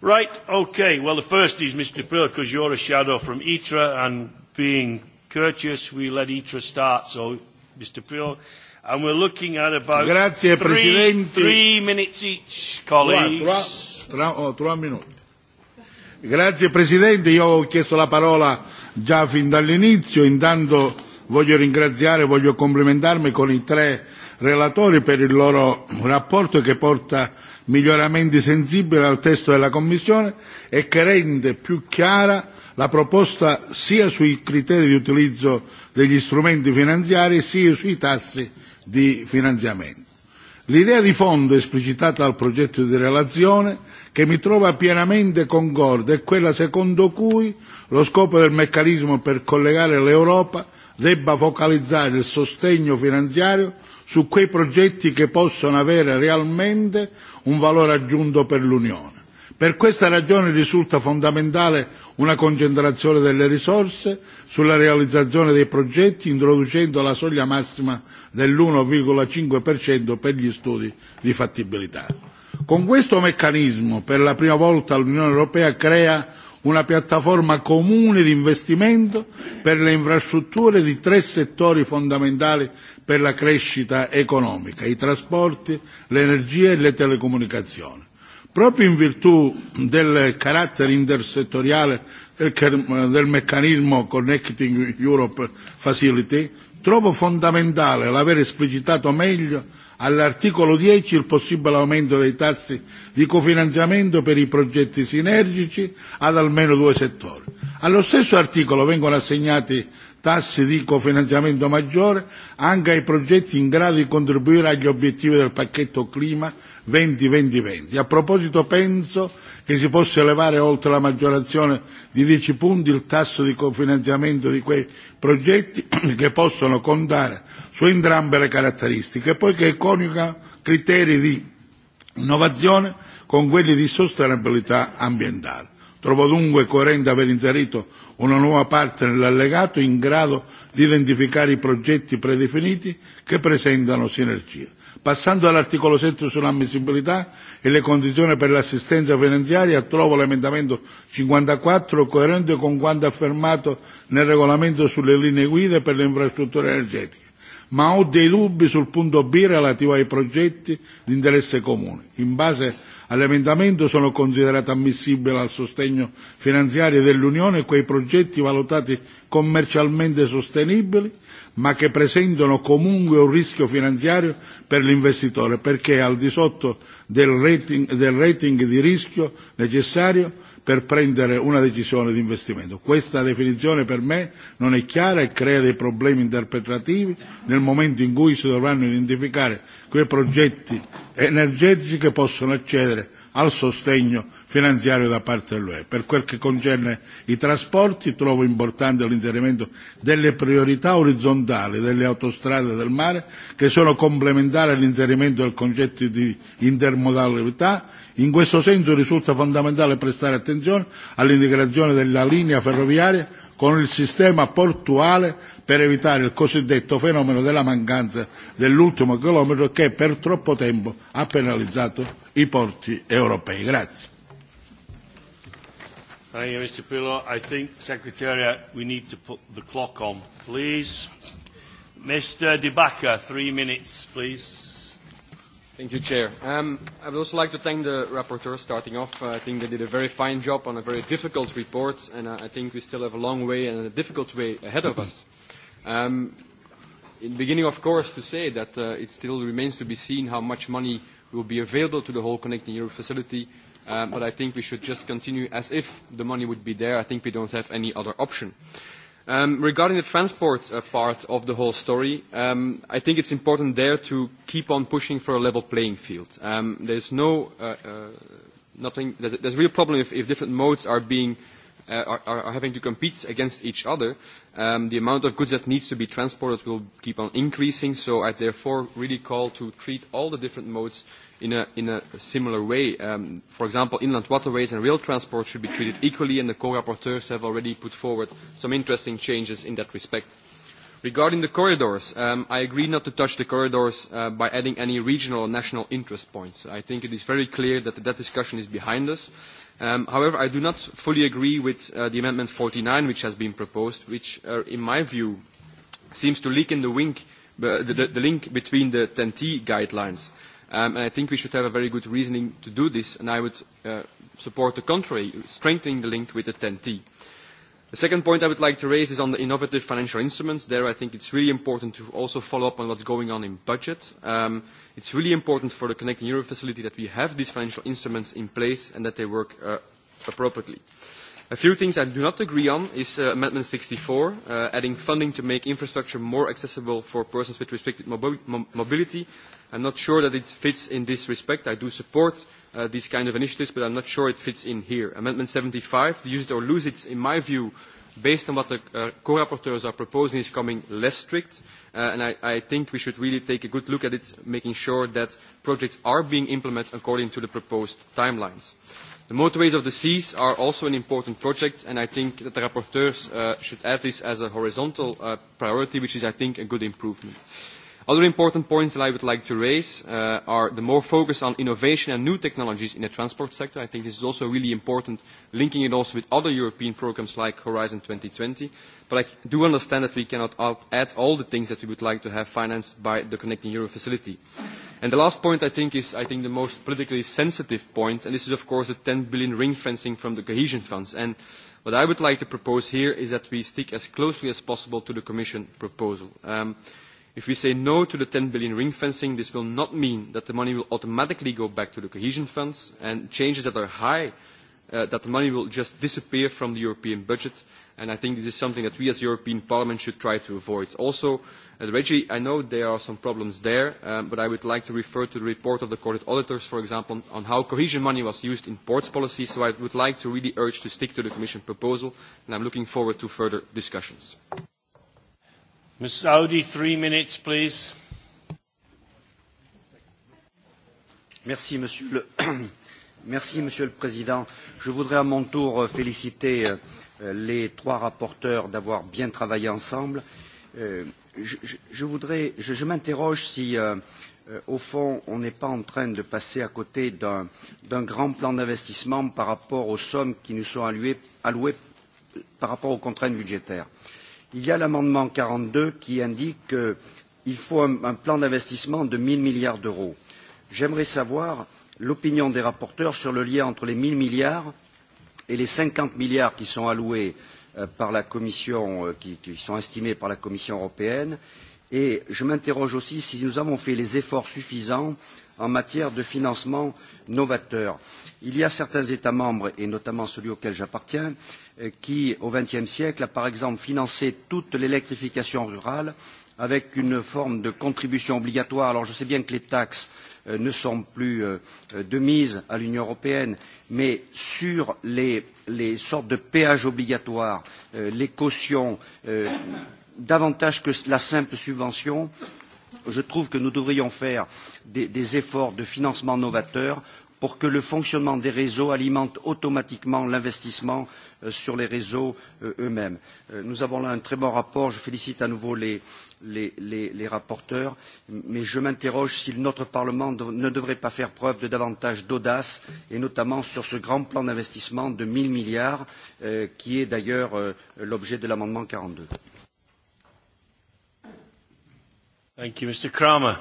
Right, okay. Well, the first is Mr. Prillo because you're a shadow from ITRA and being courteous, we let ITRA start. So, Mr. Prillo, and we're looking at about Grazie, three, Presidente. three minutes each, colleagues. Tra, tra, tre minuti. Grazie Presidente, io ho chiesto la parola già fin dall'inizio, intanto voglio ringraziare, voglio complimentarmi con i tre relatori per il loro rapporto che porta miglioramenti sensibili al testo della Commissione e che rende più chiara la proposta sia sui criteri di utilizzo degli strumenti finanziari sia sui tassi di finanziamento. L'idea di fondo esplicitata dal progetto di relazione, che mi trova pienamente concorde, è quella secondo cui lo scopo del meccanismo per collegare l'Europa debba focalizzare il sostegno finanziario su quei progetti che possono avere realmente un valore aggiunto per l'Unione. Per questa ragione risulta fondamentale una concentrazione delle risorse sulla realizzazione dei progetti introducendo la soglia massima dell'1,5% per gli studi di fattibilità. Con questo meccanismo per la prima volta l'Unione Europea crea una piattaforma comune di investimento per le infrastrutture di tre settori fondamentali per la crescita economica i trasporti, l'energia e le telecomunicazioni proprio in virtù del carattere intersettoriale del, del meccanismo Connecting Europe Facility, trovo fondamentale l'aver esplicitato meglio all'articolo 10 il possibile aumento dei tassi di cofinanziamento per i progetti sinergici ad almeno due settori. Allo stesso articolo vengono assegnati tasse di cofinanziamento maggiore anche ai progetti in grado di contribuire agli obiettivi del pacchetto clima 2020-2020. A proposito penso che si possa elevare oltre la maggiorazione di 10 punti il tasso di cofinanziamento di quei progetti che possono contare su entrambe le caratteristiche, poiché coniuga criteri di innovazione con quelli di sostenibilità ambientale. Trovo dunque coerente aver inserito una nuova parte nell'allegato in grado di identificare i progetti predefiniti che presentano sinergia. Passando all'articolo 7 sull'ammissibilità e le condizioni per l'assistenza finanziaria, trovo l'emendamento 54 coerente con quanto affermato nel regolamento sulle linee guida per le infrastrutture energetiche, ma ho dei dubbi sul punto B relativo ai progetti di interesse comune. In base All'emendamento sono considerati ammissibili al sostegno finanziario dell'Unione quei progetti valutati commercialmente sostenibili ma che presentano comunque un rischio finanziario per l'investitore perché al di sotto del rating, del rating di rischio necessario per prendere una decisione di investimento. Questa definizione per me non è chiara e crea dei problemi interpretativi nel momento in cui si dovranno identificare quei progetti energetici che possono accedere al sostegno finanziario da parte dell'UE. Per quel che concerne i trasporti trovo importante l'inserimento delle priorità orizzontali delle autostrade del mare che sono complementari all'inserimento del concetto di intermodalità In questo senso risulta fondamentale prestare attenzione all'integrazione della linea ferroviaria con il sistema portuale per evitare il cosiddetto fenomeno della mancanza dell'ultimo chilometro che per troppo tempo ha penalizzato i porti europei. Grazie. Thank you, Mr. Pillow. I think, Secretariat, we need to put the clock on, please. Mr. DeBacca, three minutes, please. Thank you, Chair. Um, I would also like to thank the rapporteur starting off. Uh, I think they did a very fine job on a very difficult report, and uh, I think we still have a long way and a difficult way ahead of us. Um, in the beginning, of course, to say that uh, it still remains to be seen how much money will be available to the whole Connecting Europe facility, um, but I think we should just continue as if the money would be there. I think we don't have any other option. Um, regarding the transport uh, part of the whole story, um, I think it's important there to keep on pushing for a level playing field. Um, there's no, uh, uh, nothing, there's, there's a real problem if, if different modes are being uh, uh, are, are having to compete against each other, um, the amount of goods that needs to be transported will keep on increasing. So I therefore really call to treat all the different modes in a, in a similar way. Um, for example, inland waterways and rail transport should be treated equally, and the co-rapporteurs have already put forward some interesting changes in that respect. Regarding the corridors, um, I agree not to touch the corridors uh, by adding any regional or national interest points. I think it is very clear that that discussion is behind us Um, however, I do not fully agree with uh, the Amendment 49 which has been proposed, which, uh, in my view, seems to leak in the, wink, the, the, the link between the 10T guidelines. Um, and I think we should have a very good reasoning to do this, and I would uh, support the contrary, strengthening the link with the 10T. The second point I would like to raise is on the innovative financial instruments. There, I think it's really important to also follow up on what's going on in budget. Um, it's really important for the Connecting Europe facility that we have these financial instruments in place and that they work uh, appropriately. A few things I do not agree on is uh, Amendment 64, uh, adding funding to make infrastructure more accessible for persons with restricted mobi I mobility. I'm not sure that it fits in this respect. I do support uh, these kind of initiatives, but I'm not sure it fits in here. Amendment 75, the use it or lose it, in my view, based on what the uh, co-rapporteurs are proposing, is coming less strict. Uh, and I, I think we should really take a good look at it, making sure that projects are being implemented according to the proposed timelines. The motorways of the seas are also an important project, and I think that the rapporteurs uh, should add this as a horizontal uh, priority, which is, I think, a good improvement. Uh, Other important points that I would like to raise uh, are the more focus on innovation and new technologies in the transport sector. I think this is also really important, linking it also with other European programs like Horizon 2020. But I do understand that we cannot add all the things that we would like to have financed by the Connecting Euro facility. And the last point I think is I think the most politically sensitive point, and this is of course the 10 billion ring fencing from the cohesion funds. And what I would like to propose here is that we stick as closely as possible to the Commission proposal. Um, If we say no to the 10 billion ring fencing, this will not mean that the money will automatically go back to the cohesion funds and changes that are high, uh, that the money will just disappear from the European budget. And I think this is something that we as European Parliament should try to avoid. Also, at Reggie, I know there are some problems there, um, but I would like to refer to the report of the Court of Auditors, for example, on, on how cohesion money was used in ports policy. So I would like to really urge to stick to the Commission proposal, and I'm looking forward to further discussions. Ms. Audi, three minutes, please. Merci, Monsieur le, Merci, Monsieur le Président. Je voudrais à mon tour féliciter les trois rapporteurs d'avoir bien travaillé ensemble. Je, je, m'interroge si, au fond, on n'est pas en train de passer à côté d'un grand plan d'investissement par rapport aux sommes qui nous sont allouées, par rapport aux contraintes budgétaires. Euh, il y a l'amendement quarante deux qui indique qu'il faut un plan d'investissement de un zéro milliards d'euros. j'aimerais savoir l'opinion des rapporteurs sur le lien entre les un zéro milliards et les cinquante milliards qui sont alloués par la commission qui sont estimés par la commission européenne Et je m'interroge aussi si nous avons fait les efforts suffisants en matière de financement novateur. Il y a certains États membres, et notamment celui auquel j'appartiens, qui, au XXe siècle, a par exemple financé toute l'électrification rurale avec une forme de contribution obligatoire. Alors je sais bien que les taxes ne sont plus de mise à l'Union européenne, mais sur les, sortes de péages obligatoires, les cautions davantage que la simple subvention, je trouve que nous devrions faire des, des efforts de financement novateurs pour que le fonctionnement des réseaux alimente automatiquement l'investissement sur les réseaux eux-mêmes. Nous avons là un très bon rapport, je félicite à nouveau les, les, les, les rapporteurs, mais je m'interroge si notre Parlement ne devrait pas faire preuve de davantage d'audace, et notamment sur ce grand plan d'investissement de 1 000 milliards, qui est d'ailleurs l'objet de l'amendement 42. Thank you, Mr. Kramer.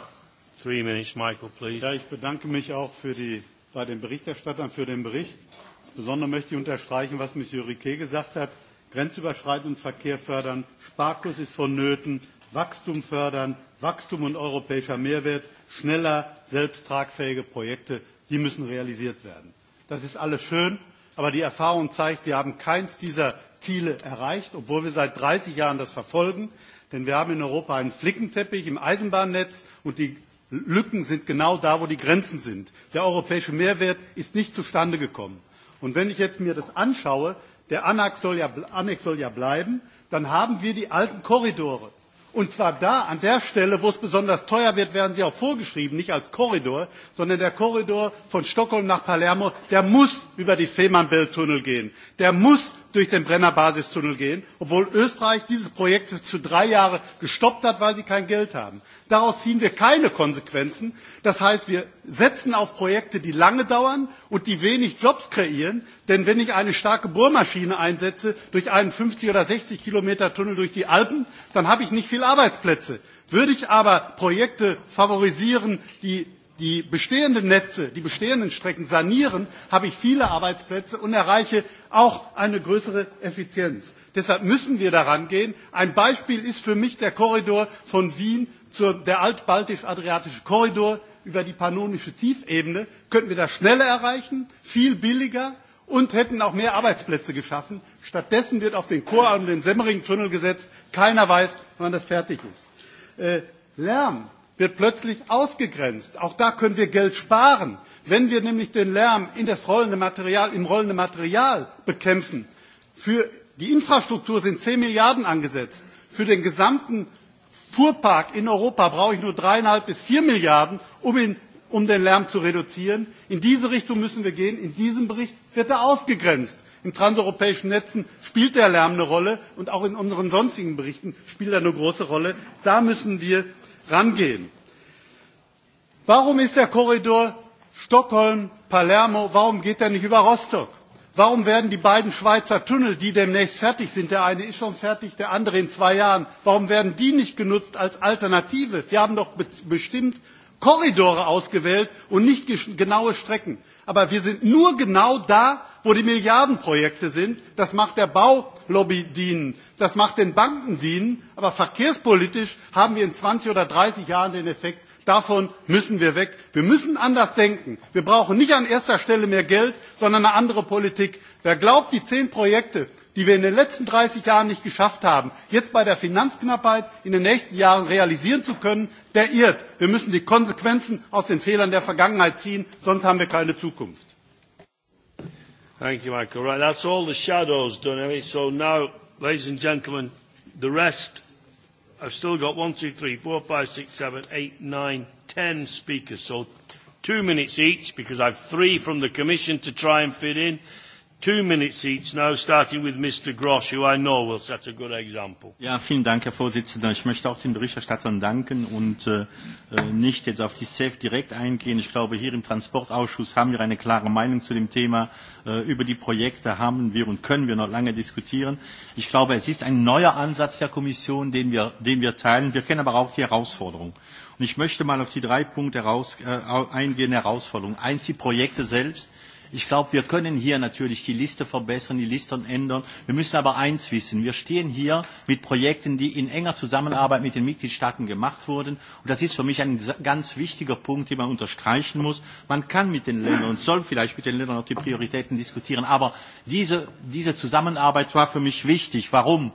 Three minutes, Michael, please. Ja, ich bedanke mich auch für die, bei den Berichterstattern für den Bericht. Insbesondere möchte ich unterstreichen, was Monsieur Riquet gesagt hat. Grenzüberschreitenden Verkehr fördern, Sparkurs ist vonnöten, Wachstum fördern, Wachstum und europäischer Mehrwert, schneller, selbsttragfähige Projekte, die müssen realisiert werden. Das ist alles schön, aber die Erfahrung zeigt, wir haben keins dieser Ziele erreicht, obwohl wir seit 30 Jahren das verfolgen. Denn wir haben in Europa einen Flickenteppich im Eisenbahnnetz und die Lücken sind genau da, wo die Grenzen sind. Der europäische Mehrwert ist nicht zustande gekommen. Und wenn ich jetzt mir das anschaue, der Annex soll ja bleiben, dann haben wir die alten Korridore. Und zwar da, an der Stelle, wo es besonders teuer wird, werden sie auch vorgeschrieben, nicht als Korridor, sondern der Korridor von Stockholm nach Palermo, der muss über die Fehmarnbelt-Tunnel gehen. Der muss durch den Brenner Basistunnel gehen, obwohl Österreich dieses Projekt für drei Jahre gestoppt hat, weil sie kein Geld haben. Daraus ziehen wir keine Konsequenzen. Das heißt, wir setzen auf Projekte, die lange dauern und die wenig Jobs kreieren. Denn wenn ich eine starke Bohrmaschine einsetze durch einen 50 oder 60 Kilometer Tunnel durch die Alpen, dann habe ich nicht viele Arbeitsplätze. Würde ich aber Projekte favorisieren, die die bestehenden Netze, die bestehenden Strecken sanieren, habe ich viele Arbeitsplätze und erreiche auch eine größere Effizienz. Deshalb müssen wir daran gehen. Ein Beispiel ist für mich der Korridor von Wien, der altbaltisch-adriatische Korridor über die pannonische Tiefebene. Könnten wir das schneller erreichen, viel billiger und hätten auch mehr Arbeitsplätze geschaffen. Stattdessen wird auf den Chor und den Semmering-Tunnel gesetzt. Keiner weiß, wann das fertig ist. Lärm wird plötzlich ausgegrenzt. Auch da können wir Geld sparen. Wenn wir nämlich den Lärm in das rollende Material, im rollenden Material bekämpfen, für die Infrastruktur sind 10 Milliarden angesetzt, für den gesamten Fuhrpark in Europa brauche ich nur dreieinhalb bis vier Milliarden, um, ihn, um den Lärm zu reduzieren. In diese Richtung müssen wir gehen. In diesem Bericht wird er ausgegrenzt. In transeuropäischen Netzen spielt der Lärm eine Rolle und auch in unseren sonstigen Berichten spielt er eine große Rolle. Da müssen wir rangehen. Warum ist der Korridor Stockholm-Palermo, warum geht er nicht über Rostock? Warum werden die beiden Schweizer Tunnel, die demnächst fertig sind, der eine ist schon fertig, der andere in zwei Jahren, warum werden die nicht genutzt als Alternative? Wir haben doch bestimmt Korridore ausgewählt und nicht genaue Strecken. Aber wir sind nur genau da, wo die Milliardenprojekte sind. Das macht der Bau Lobby dienen. Das macht den Banken dienen, aber verkehrspolitisch haben wir in zwanzig oder dreißig Jahren den Effekt, davon müssen wir weg. Wir müssen anders denken. Wir brauchen nicht an erster Stelle mehr Geld, sondern eine andere Politik. Wer glaubt, die zehn Projekte, die wir in den letzten dreißig Jahren nicht geschafft haben, jetzt bei der Finanzknappheit in den nächsten Jahren realisieren zu können, der irrt. Wir müssen die Konsequenzen aus den Fehlern der Vergangenheit ziehen, sonst haben wir keine Zukunft. Thank you, Michael. Right, that's all the shadows done, Ellie. So now, ladies and gentlemen, the rest, I've still got one, two, three, four, five, six, seven, eight, nine, ten speakers. So two minutes each, because I've three from the Commission to try and fit in. Two minutes each now, starting with Mr. Grosch, who I know will set a good example. Ja, vielen Dank, Herr Vorsitzender. Ich möchte auch den Berichterstattern danken und äh, nicht jetzt auf die SAFE direkt eingehen. Ich glaube, hier im Transportausschuss haben wir eine klare Meinung zu dem Thema. Äh, über die Projekte haben wir und können wir noch lange diskutieren. Ich glaube, es ist ein neuer Ansatz der Kommission, den wir, den wir teilen. Wir kennen aber auch die Herausforderungen. Und ich möchte mal auf die drei Punkte heraus, äh, eingehen, Herausforderungen. Eins, die Projekte selbst Ich glaube, wir können hier natürlich die Liste verbessern, die Listen ändern. Wir müssen aber eins wissen. Wir stehen hier mit Projekten, die in enger Zusammenarbeit mit den Mitgliedstaaten gemacht wurden. Und das ist für mich ein ganz wichtiger Punkt, den man unterstreichen muss. Man kann mit den Ländern und soll vielleicht mit den Ländern auch die Prioritäten diskutieren. Aber diese, diese Zusammenarbeit war für mich wichtig. Warum?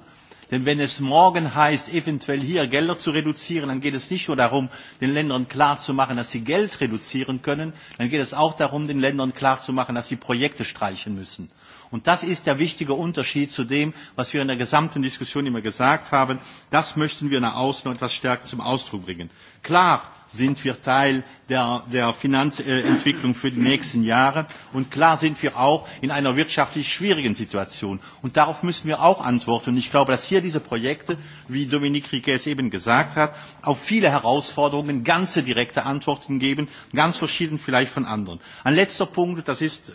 Denn wenn es morgen heißt, eventuell hier Gelder zu reduzieren, dann geht es nicht nur darum, den Ländern klarzumachen, dass sie Geld reduzieren können, dann geht es auch darum, den Ländern klarzumachen, dass sie Projekte streichen müssen. Und das ist der wichtige Unterschied zu dem, was wir in der gesamten Diskussion immer gesagt haben. Das möchten wir nach außen etwas stärker zum Ausdruck bringen. Klar sind wir Teil der, der Finanzentwicklung für die nächsten Jahre. Und klar sind wir auch in einer wirtschaftlich schwierigen Situation. Und darauf müssen wir auch antworten. Und ich glaube, dass hier diese Projekte, wie Dominique Riquet es eben gesagt hat, auf viele Herausforderungen ganze direkte Antworten geben, ganz verschieden vielleicht von anderen. Ein letzter Punkt, das ist,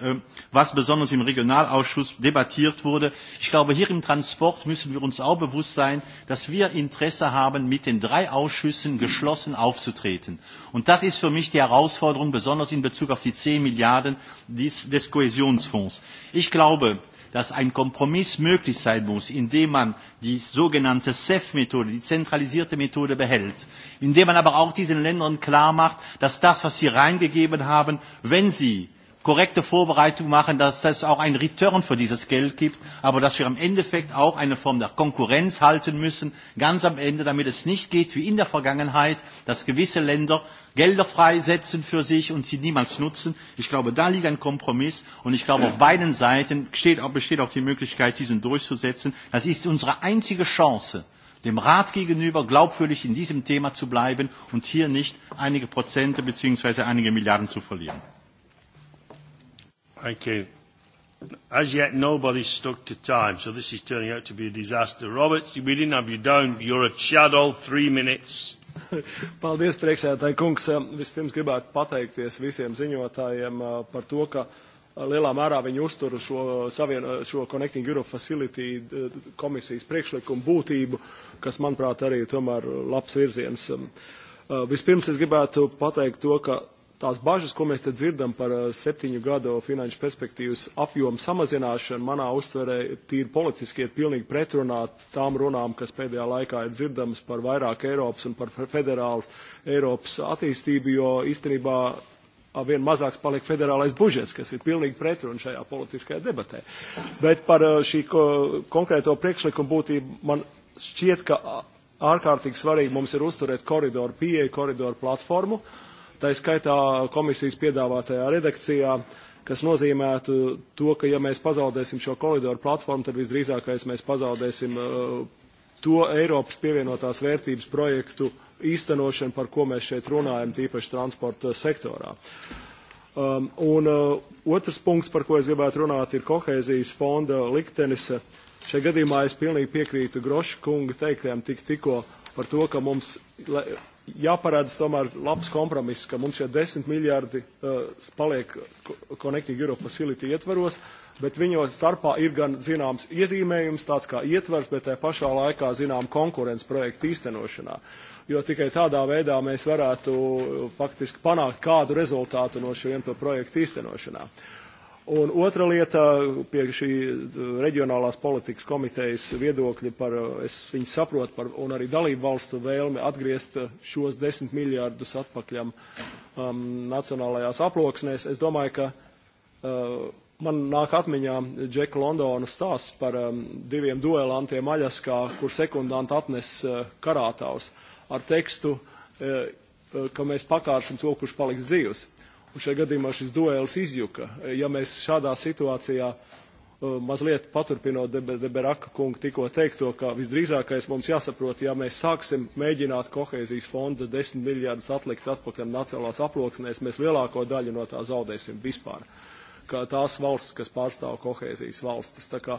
was besonders im Regionalausschuss debattiert wurde. Ich glaube, hier im Transport müssen wir uns auch bewusst sein, dass wir Interesse haben, mit den drei Ausschüssen geschlossen aufzutreten. Und das ist für mich mich die Herausforderung, besonders in Bezug auf die 10 Milliarden des Kohäsionsfonds. Ich glaube, dass ein Kompromiss möglich sein muss, indem man die sogenannte CEF-Methode, die zentralisierte Methode behält, indem man aber auch diesen Ländern klar macht, dass das, was sie reingegeben haben, wenn sie korrekte Vorbereitung machen, dass es auch einen Return für dieses Geld gibt, aber dass wir im Endeffekt auch eine Form der Konkurrenz halten müssen, ganz am Ende, damit es nicht geht wie in der Vergangenheit, dass gewisse Länder Gelder freisetzen für sich und sie niemals nutzen. Ich glaube, da liegt ein Kompromiss und ich glaube, auf beiden Seiten besteht auch die Möglichkeit, diesen durchzusetzen. Das ist unsere einzige Chance, dem Rat gegenüber glaubwürdig in diesem Thema zu bleiben und hier nicht einige Prozente bzw. einige Milliarden zu verlieren. Thank you. As yet, nobody's stuck to time, so this is turning out to be a disaster. Robert, we didn't have you down. You're a shadow, three minutes. Paldies, priekšsēdētāji kungs. Vispirms gribētu pateikties visiem ziņotājiem par to, ka lielā mērā viņi uztur šo, savien, šo Connecting Europe Facility komisijas priekšlikumu būtību, kas, manuprāt, arī tomēr labs virziens. Vispirms es gribētu pateikt to, ka tās bažas, ko mēs te dzirdam par septiņu gadu finanšu perspektīvas apjomu samazināšanu, manā uztverē tīri politiski ir pilnīgi pretrunā tām runām, kas pēdējā laikā ir dzirdamas par vairāk Eiropas un par federālu Eiropas attīstību, jo īstenībā vien mazāks paliek federālais budžets, kas ir pilnīgi pretrun šajā politiskajā debatē. Bet par šī konkrēto priekšlikumu būtību man šķiet, ka ārkārtīgi svarīgi mums ir uzturēt koridoru pieeju, koridoru platformu, uh, Tā skaitā komisijas piedāvātajā redakcijā, kas nozīmētu to, ka ja mēs pazaudēsim šo koridoru platformu, tad visdrīzākais mēs pazaudēsim to Eiropas pievienotās vērtības projektu īstenošanu, par ko mēs šeit runājam, tīpaši transporta sektorā. Um, un uh, otrs punkts, par ko es gribētu runāt, ir kohēzijas fonda liktenis. Šajā gadījumā es pilnīgi piekrītu Groša kunga teiktiem tik, tikko par to, ka mums, lai, jāparādas tomēr labs kompromiss, ka mums šie 10 miljārdi paliek Connecting Europe Facility ietvaros, bet viņos starpā ir gan zināms iezīmējums, tāds kā ietvers, bet tajā pašā laikā zinām konkurence projektu īstenošanā. Jo tikai tādā veidā mēs varētu faktiski panākt kādu rezultātu no vienu projektu īstenošanā. Un otra lieta pie šī reģionālās politikas komitejas viedokļa par, es viņu saprotu, par, un arī dalību valstu vēlmi atgriezt šos desmit miljārdus atpakaļam um, nacionālajās aploksnēs. Es domāju, ka uh, man nāk atmiņā Džeka Londona stāsts par um, diviem duelantiem Aļaskā, kur sekundanti atnes uh, karātavs ar tekstu, uh, ka mēs pakārsim to, kurš paliks dzīvs. Un šajā gadījumā šis duels izjuka. Ja mēs šādā situācijā mazliet paturpinot Deberaka kungu tikko teikto, ka visdrīzākais mums jāsaprot, ja mēs sāksim mēģināt kohēzijas fonda 10 miljārdus atlikt atpakaļ nacionālās aploksnēs, mēs lielāko daļu no tā zaudēsim vispār kā tās valsts, kas pārstāv kohēzijas valstis. Tā kā,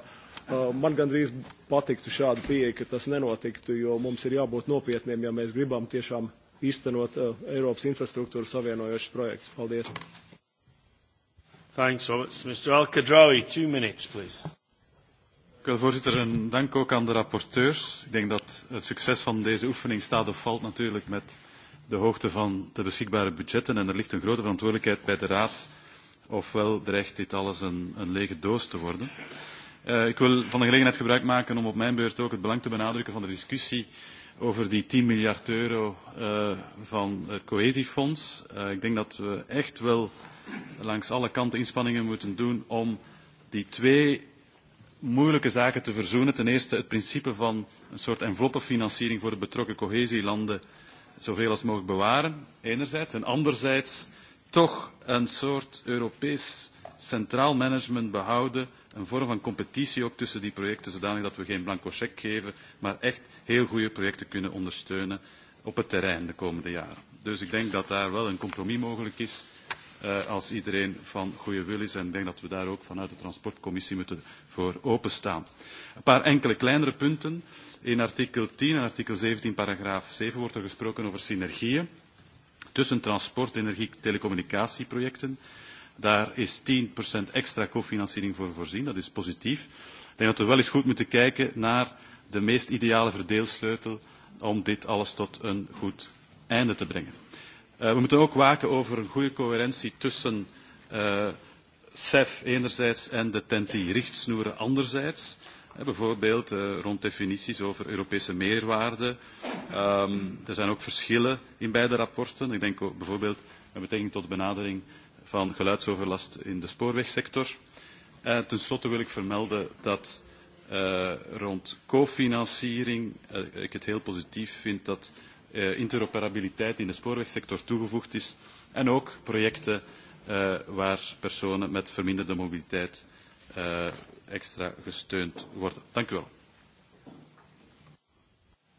man gandrīz patiktu šāda pieeju, ka tas nenotiktu, jo mums ir jābūt nopietniem, ja mēs gribam tiešām īstenot Eiropas infrastruktūru savienojošs projekts. Paldies! Thanks, Mr. Al-Kadrawi, two minutes, please. voorzitter, dank ook aan de rapporteurs. Ik denk dat het succes van deze oefening staat of valt natuurlijk met de hoogte van de beschikbare budgetten. En er ligt een grote verantwoordelijkheid bij de Raad, ofwel dreigt dit alles een, een lege doos te worden. Uh, ik wil van de gelegenheid gebruik maken om op mijn beurt ook het belang te benadrukken van de discussie over die 10 miljard euro van het cohesiefonds. ik denk dat we echt wel langs alle kanten inspanningen moeten doen om die twee moeilijke zaken te verzoenen. Ten eerste het principe van een soort enveloppenfinanciering voor de betrokken cohesielanden zoveel als mogelijk bewaren, enerzijds. En anderzijds toch een soort Europees centraal management behouden een vorm van competitie ook tussen die projecten, zodanig dat we geen blanco cheque geven, maar echt heel goede projecten kunnen ondersteunen op het terrein de komende jaren. Dus ik denk dat daar wel een compromis mogelijk is als iedereen van goede wil is. En ik denk dat we daar ook vanuit de transportcommissie moeten voor openstaan. Een paar enkele kleinere punten. In artikel 10 en artikel 17, paragraaf 7, wordt er gesproken over synergieën tussen transport, energie, telecommunicatieprojecten. Daar is 10% extra cofinanciering voor voorzien. Dat is positief. Ik denk dat we wel eens goed moeten kijken naar de meest ideale verdeelsleutel om dit alles tot een goed einde te brengen. we moeten ook waken over een goede coherentie tussen CEF enerzijds en de TENTI-richtsnoeren anderzijds. Bijvoorbeeld rond definities over Europese meerwaarde. er zijn ook verschillen in beide rapporten. Ik denk bijvoorbeeld met betrekking tot de benadering van geluidsoverlast in de spoorwegsector. En tenslotte wil ik vermelden dat rond cofinanciering ik het heel positief vind dat interoperabiliteit in de spoorwegsector toegevoegd is en ook projecten waar personen met verminderde mobiliteit extra gesteund worden. Dank u wel.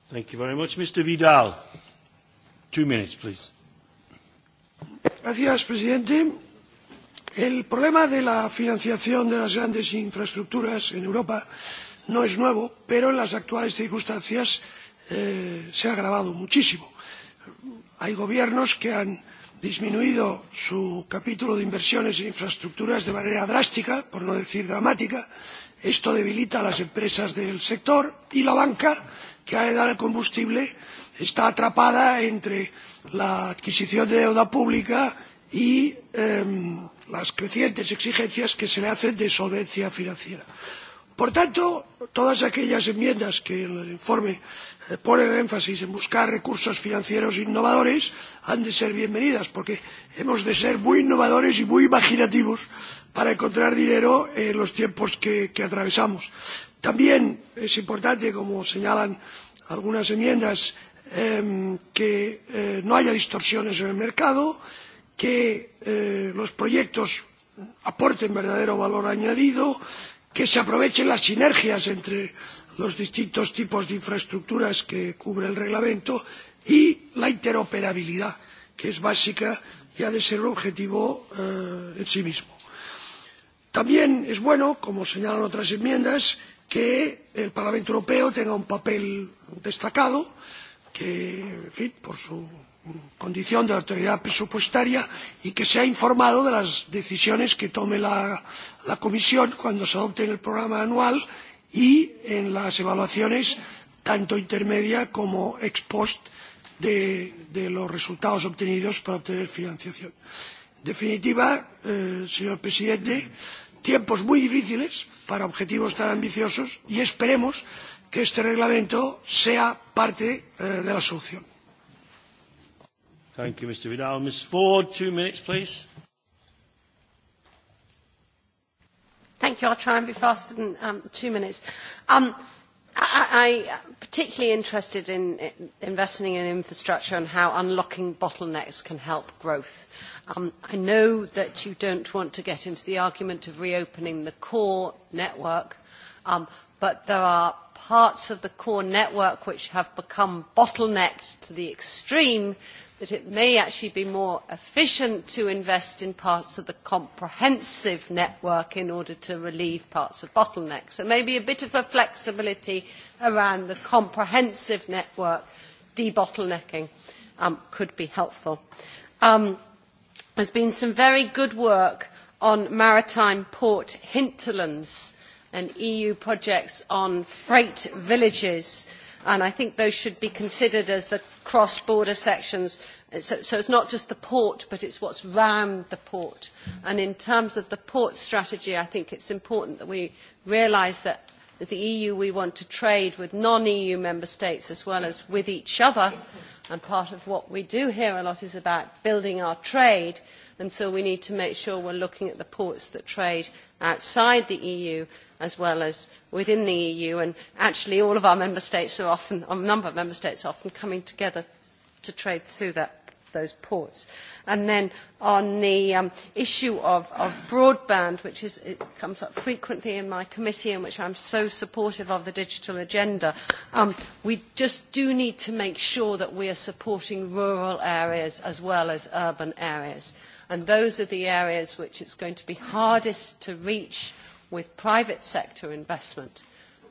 Thank you very much, Mr. Vidal. Two minutes, please señor presidente el problema de la financiación de las grandes infraestructuras en europa no es nuevo pero en las actuales circunstancias se ha agravado muchísimo. hay gobiernos que han disminuido su capítulo de inversiones en infraestructuras de manera drástica por no decir dramática esto debilita a las empresas del sector y la banca que ha de dar el combustible está atrapada entre la adquisición de deuda pública y las crecientes exigencias que se le hacen de solvencia financiera. por tanto todas aquellas enmiendas que en el informe ponen el énfasis en buscar recursos financieros innovadores han de ser bienvenidas porque hemos de ser muy innovadores y muy imaginativos para encontrar dinero en los tiempos que atravesamos. también es importante como señalan algunas enmiendas que no haya distorsiones en el mercado que los proyectos aporten verdadero valor añadido que se aprovechen las sinergias entre los distintos tipos de infraestructuras que cubre el reglamento y la interoperabilidad que es básica y ha de ser un objetivo en sí mismo. También es bueno, como señalan otras enmiendas, que el Parlamento Europeo tenga un papel destacado eh, que en fin por su condición de autoridad presupuestaria y que se ha informado de las decisiones que tome la comisión cuando se adopte el programa anual y en las evaluaciones tanto intermedia como ex post de los resultados obtenidos para obtener financiación. en definitiva señor presidente tiempos muy difíciles para objetivos tan ambiciosos y esperemos que este reglamento sea parte de la solución. Thank you, Mr. Vidal. Ms. Ford, two minutes, please. Thank you. I'll try and be faster than um, two minutes. Um, I, I'm particularly interested in investing in infrastructure and how unlocking bottlenecks can help growth. Um, I know that you don't want to get into the argument of reopening the core network, um, but there are parts of the core network which have become bottlenecked to the extreme uh, that it may actually be more efficient to invest in parts of the comprehensive network in order to relieve parts of bottlenecks. So maybe a bit of a flexibility around the comprehensive network debottlenecking um, could be helpful. Um, there's been some very good work on maritime port hinterlands and EU projects on freight villages and I think those should be considered as the cross-border sections. So, so it's not just the port, but it's what's round the port. And in terms of the port strategy, I think it's important that we realise that as the EU we want to trade with non-EU member states as well as with each other. And part of what we do here a lot is about building our trade – and so we need to make sure we are looking at the ports that trade outside the EU as well as within the EU and actually all of our member states are often, a number of member states are often coming together to trade through that those ports. And then on the um, issue of, of broadband, which is, it comes up frequently in my committee and which I'm so supportive of the digital agenda, um, we just do need to make sure that we are supporting rural areas as well as urban areas and those are the areas which it's going to be hardest to reach with private sector investment.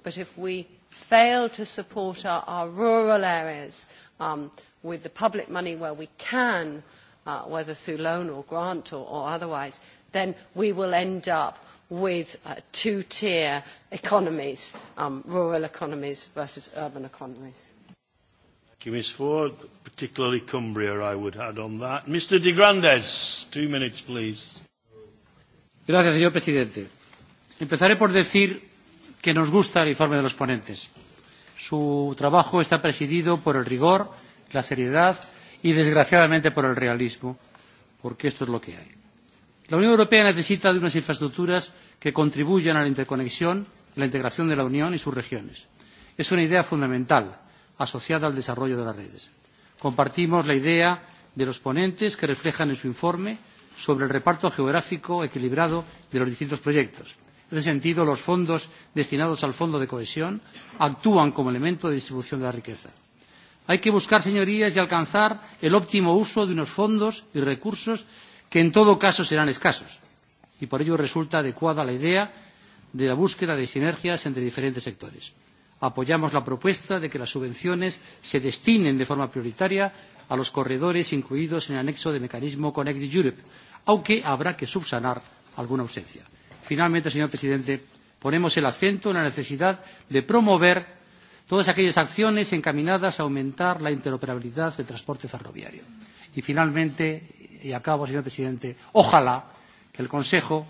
But if we fail to support our, our rural areas um, with the public money where we can, uh, whether through loan or grant or, or otherwise, then we will end up with uh, two-tier economies, um, rural economies versus urban economies. Thank you, Ms Ford particularly Cumbria, I would add on that. Mr. De Grandes, two minutes, please. Gracias, señor presidente. Empezaré por decir que nos gusta el informe de los ponentes. Su trabajo está presidido por el rigor, la seriedad y, desgraciadamente, por el realismo, porque esto es lo que hay. La Unión Europea necesita de unas infraestructuras que contribuyan a la interconexión, la integración de la Unión y sus regiones. Es una idea fundamental asociada al desarrollo de las redes. Compartimos la idea de los ponentes que reflejan en su informe sobre el reparto geográfico equilibrado de los distintos proyectos. En ese sentido, los fondos destinados al Fondo de Cohesión actúan como elemento de distribución de la riqueza. Hay que buscar, señorías, y alcanzar el óptimo uso de unos fondos y recursos que en todo caso serán escasos. Y por ello resulta adecuada la idea de la búsqueda de sinergias entre diferentes sectores apoyamos la propuesta de que las subvenciones se destinen de forma prioritaria a los corredores incluidos en el anexo del mecanismo Connecting Europe, aunque habrá que subsanar alguna ausencia. Finalmente, señor presidente, ponemos el acento en la necesidad de promover todas aquellas acciones encaminadas a aumentar la interoperabilidad del transporte ferroviario. Y finalmente, y acabo, señor presidente, ojalá que el Consejo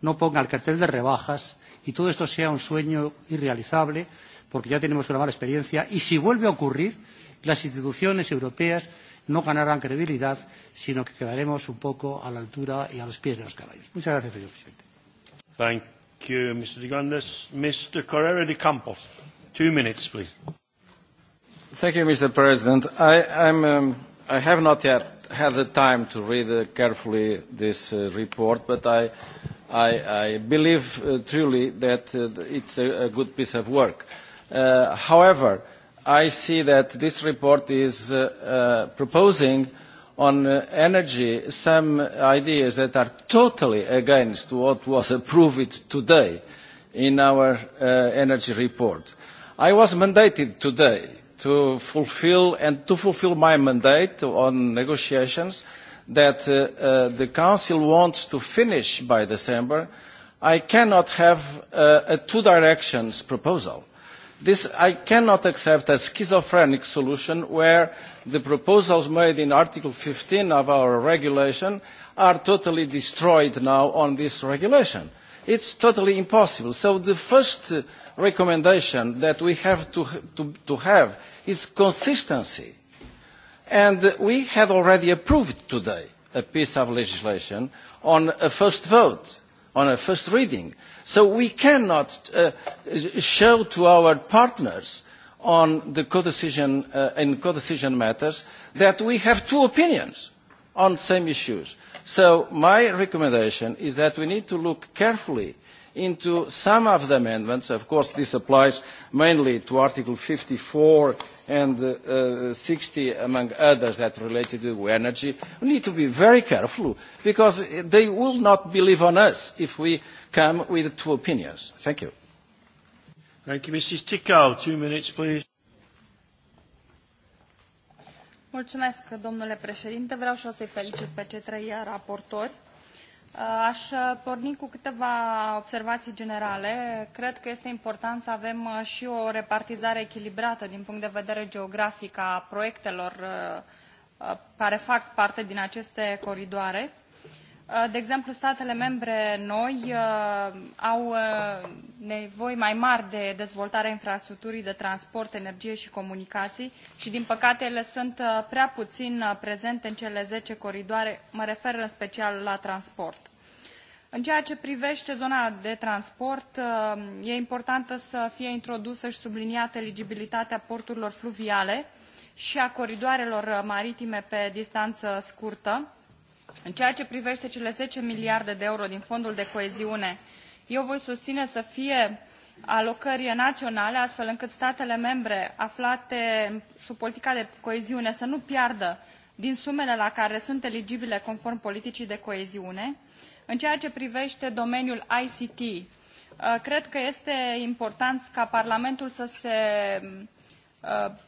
no ponga el cartel de rebajas y todo esto sea un sueño irrealizable porque ya tenemos una mala experiencia, y si vuelve a ocurrir, las instituciones europeas no ganarán credibilidad, sino que quedaremos un poco a la altura y a los pies de los caballos. Muchas gracias, señor presidente. Thank you, Mr. De Grandes. Mr. Correa de Campos, two minutes, please. Thank you, Mr. President. I, I'm, um, I have not yet had the time to read uh, carefully this uh, report, but I, I, I believe uh, truly that uh, it's a, a good piece of work. Uh, however, I see that this report is proposing on energy some ideas that are totally against what was approved today in our energy report. I was mandated today to fulfil and to fulfil my mandate on negotiations that the Council wants to finish by December. I cannot have a two directions proposal This I cannot accept as schizophrenic solution where the proposals made in Article 15 of our regulation are totally destroyed now on this regulation. It's totally impossible. So the first recommendation that we have to, to, to have is consistency. And we had already approved today a piece of legislation on a first vote, on a first reading. So we cannot uh, show to our partners on the co-decision, uh, in co-decision matters that we have two opinions on same issues. So my recommendation is that we need to look carefully into some of the amendments. Of course, this applies mainly to Article 54 and uh, 60, among others, that related to energy. We need to be very careful because they will not believe on us if we come with two opinions. Thank you. Thank you, Mrs. Tickow. Two minutes, please. Mulțumesc, domnule președinte. Vreau și eu să-i felicit pe cei trei raportori. Aș porni cu câteva observații generale. Cred că este important să avem și o repartizare echilibrată din punct de vedere geografic a proiectelor care fac parte din aceste coridoare. De exemplu, statele membre noi au nevoi mai mari de dezvoltarea infrastructurii de transport, energie și comunicații și, din păcate, ele sunt prea puțin prezente în cele zece coridoare, mă refer în special la transport. În ceea ce privește zona de transport, e importantă să fie introdusă și subliniată eligibilitatea porturilor fluviale și a coridoarelor maritime pe distanță scurtă, În ceea ce privește cele 10 miliarde de euro din fondul de coeziune, eu voi susține să fie alocări naționale, astfel încât statele membre aflate sub politica de coeziune să nu piardă din sumele la care sunt eligibile conform politicii de coeziune. În ceea ce privește domeniul ICT, cred că este important ca Parlamentul să se